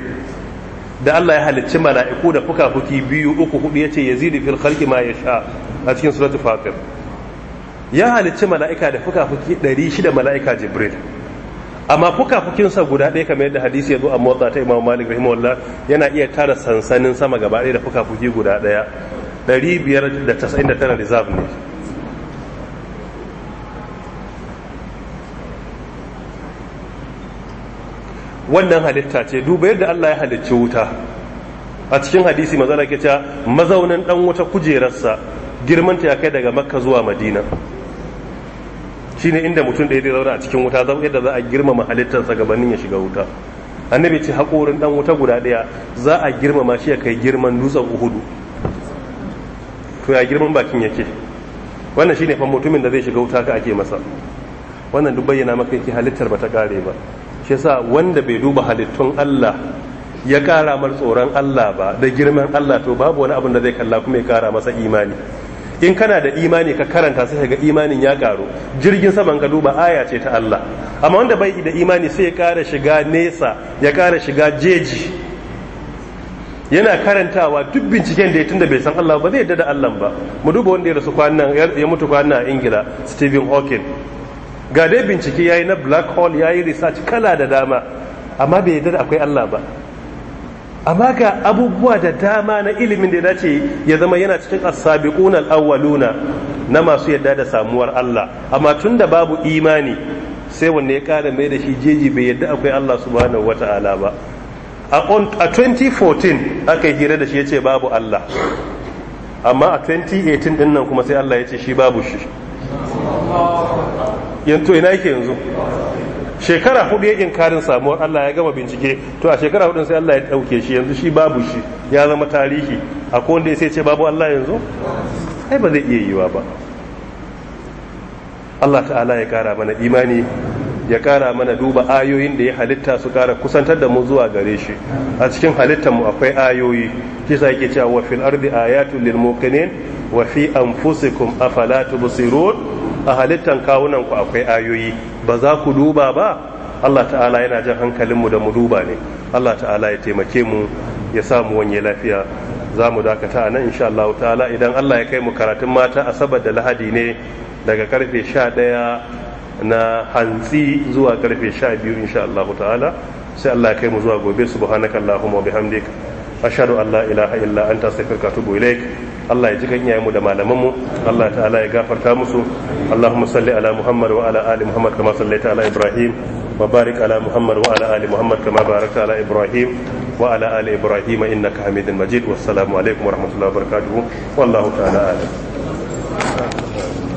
da Allah ya halicci mala'iku da fuka-fuki biyu uku hudu yace yazidu fil khalqi ma yasha a cikin suratul fatir ya halicci mala'ika da fuka fukafuki 600 mala'ika jibril amma fuka fukafukinsa guda ɗaya kamar yadda hadisi ya zo a motsa ta imam malik rahimahullah yana iya tara sansanin sama gaba ɗaya da fuki guda ɗaya 599 reserve ne wannan halitta ce duba yadda Allah ya halicci wuta a cikin hadisi mazala ke mazaunin dan wuta kujerarsa girmanta ya kai daga makka zuwa madina shine inda mutum da ya zaura a cikin wuta zama yadda za a girmama halittarsa gabanin ya shiga wuta annabi ce haƙorin dan wuta guda ɗaya za a girmama shi ya kai girman dutsen uhudu to ya girman bakin yake wannan shine fa mutumin da zai shiga wuta ka ake masa wannan duk bayyana maka yake halittar ba ta kare ba shi yasa wanda bai duba halittun Allah ya ƙara mar tsoron Allah ba da girman Allah to babu wani abin da zai kalla kuma ya ƙara masa imani in kana da imani ka karanta sai ka ga imanin ya karu jirgin saman ka duba aya ce ta Allah amma wanda bai da imani sai ya kara shiga nesa ya kara shiga jeji yana karantawa duk binciken da ya tunda bai san Allah ba zai yarda da Allah ba mu duba wanda ya rasu kwanan ya mutu kwanan a Ingila Stephen Hawking ga dai bincike yayi na black hole yayi research kala da dama amma bai yarda da akwai Allah ba amma ga abubuwa da dama na ilimin da dace ya zama yana cikin as-sabiquna na masu yadda da samuwar Allah amma tunda babu imani sai wanne ya kara mai da shi jeji bai yadda akwai Allah subhanahu wata'ala ba a 2014 aka yi hira da shi ya ce babu Allah amma a 2018 din nan kuma sai Allah ya ce shi babu shi yanzu ina yake yanzu shekara hudu ya karin samuwar Allah ya gama bincike to a shekara hudu sai Allah ya dauke shi yanzu shi babu shi ya zama tarihi a ko wanda sai ce babu Allah yanzu ai ba zai iya yiwa ba Allah ta'ala ya kara mana imani ya kara mana duba ayoyin da ya halitta su kara kusantar da mu zuwa gare shi a cikin halittar mu akwai ayoyi kisa yake cewa wa fil ardi ayatul lil muqinin wa fi anfusikum afala tubsirun a halittan kawunan ku akwai ayoyi ba za ku duba ba Allah ta'ala yana jan hankalinmu da mu duba ne Allah ta'ala ya taimake mu ya samu wanye lafiya za mu dakata a nan insha Allah ta'ala idan Allah ya kai mu karatun mata asabar da lahadi ne daga karfe sha ɗaya na hantsi zuwa karfe sha biyu insha Allah ta'ala sai Allah ya kai mu zuwa gobe subhanakallahumma wa bihamdik ashhadu an la ilaha illa anta astaghfiruka wa atubu Allah ya ji ganyaye mu da malaman Allah ta'ala ya gafarta musu Allahumma salli ala Muhammad wa ala ali Muhammad kama sallaita ala Ibrahim wa barik ala Muhammad wa ala ali Muhammad kama barakta ala Ibrahim wa ala ali Ibrahim innaka Hamidul Majid wassalamu alaikum wa rahmatullahi wa barakatuh wallahu ta'ala alam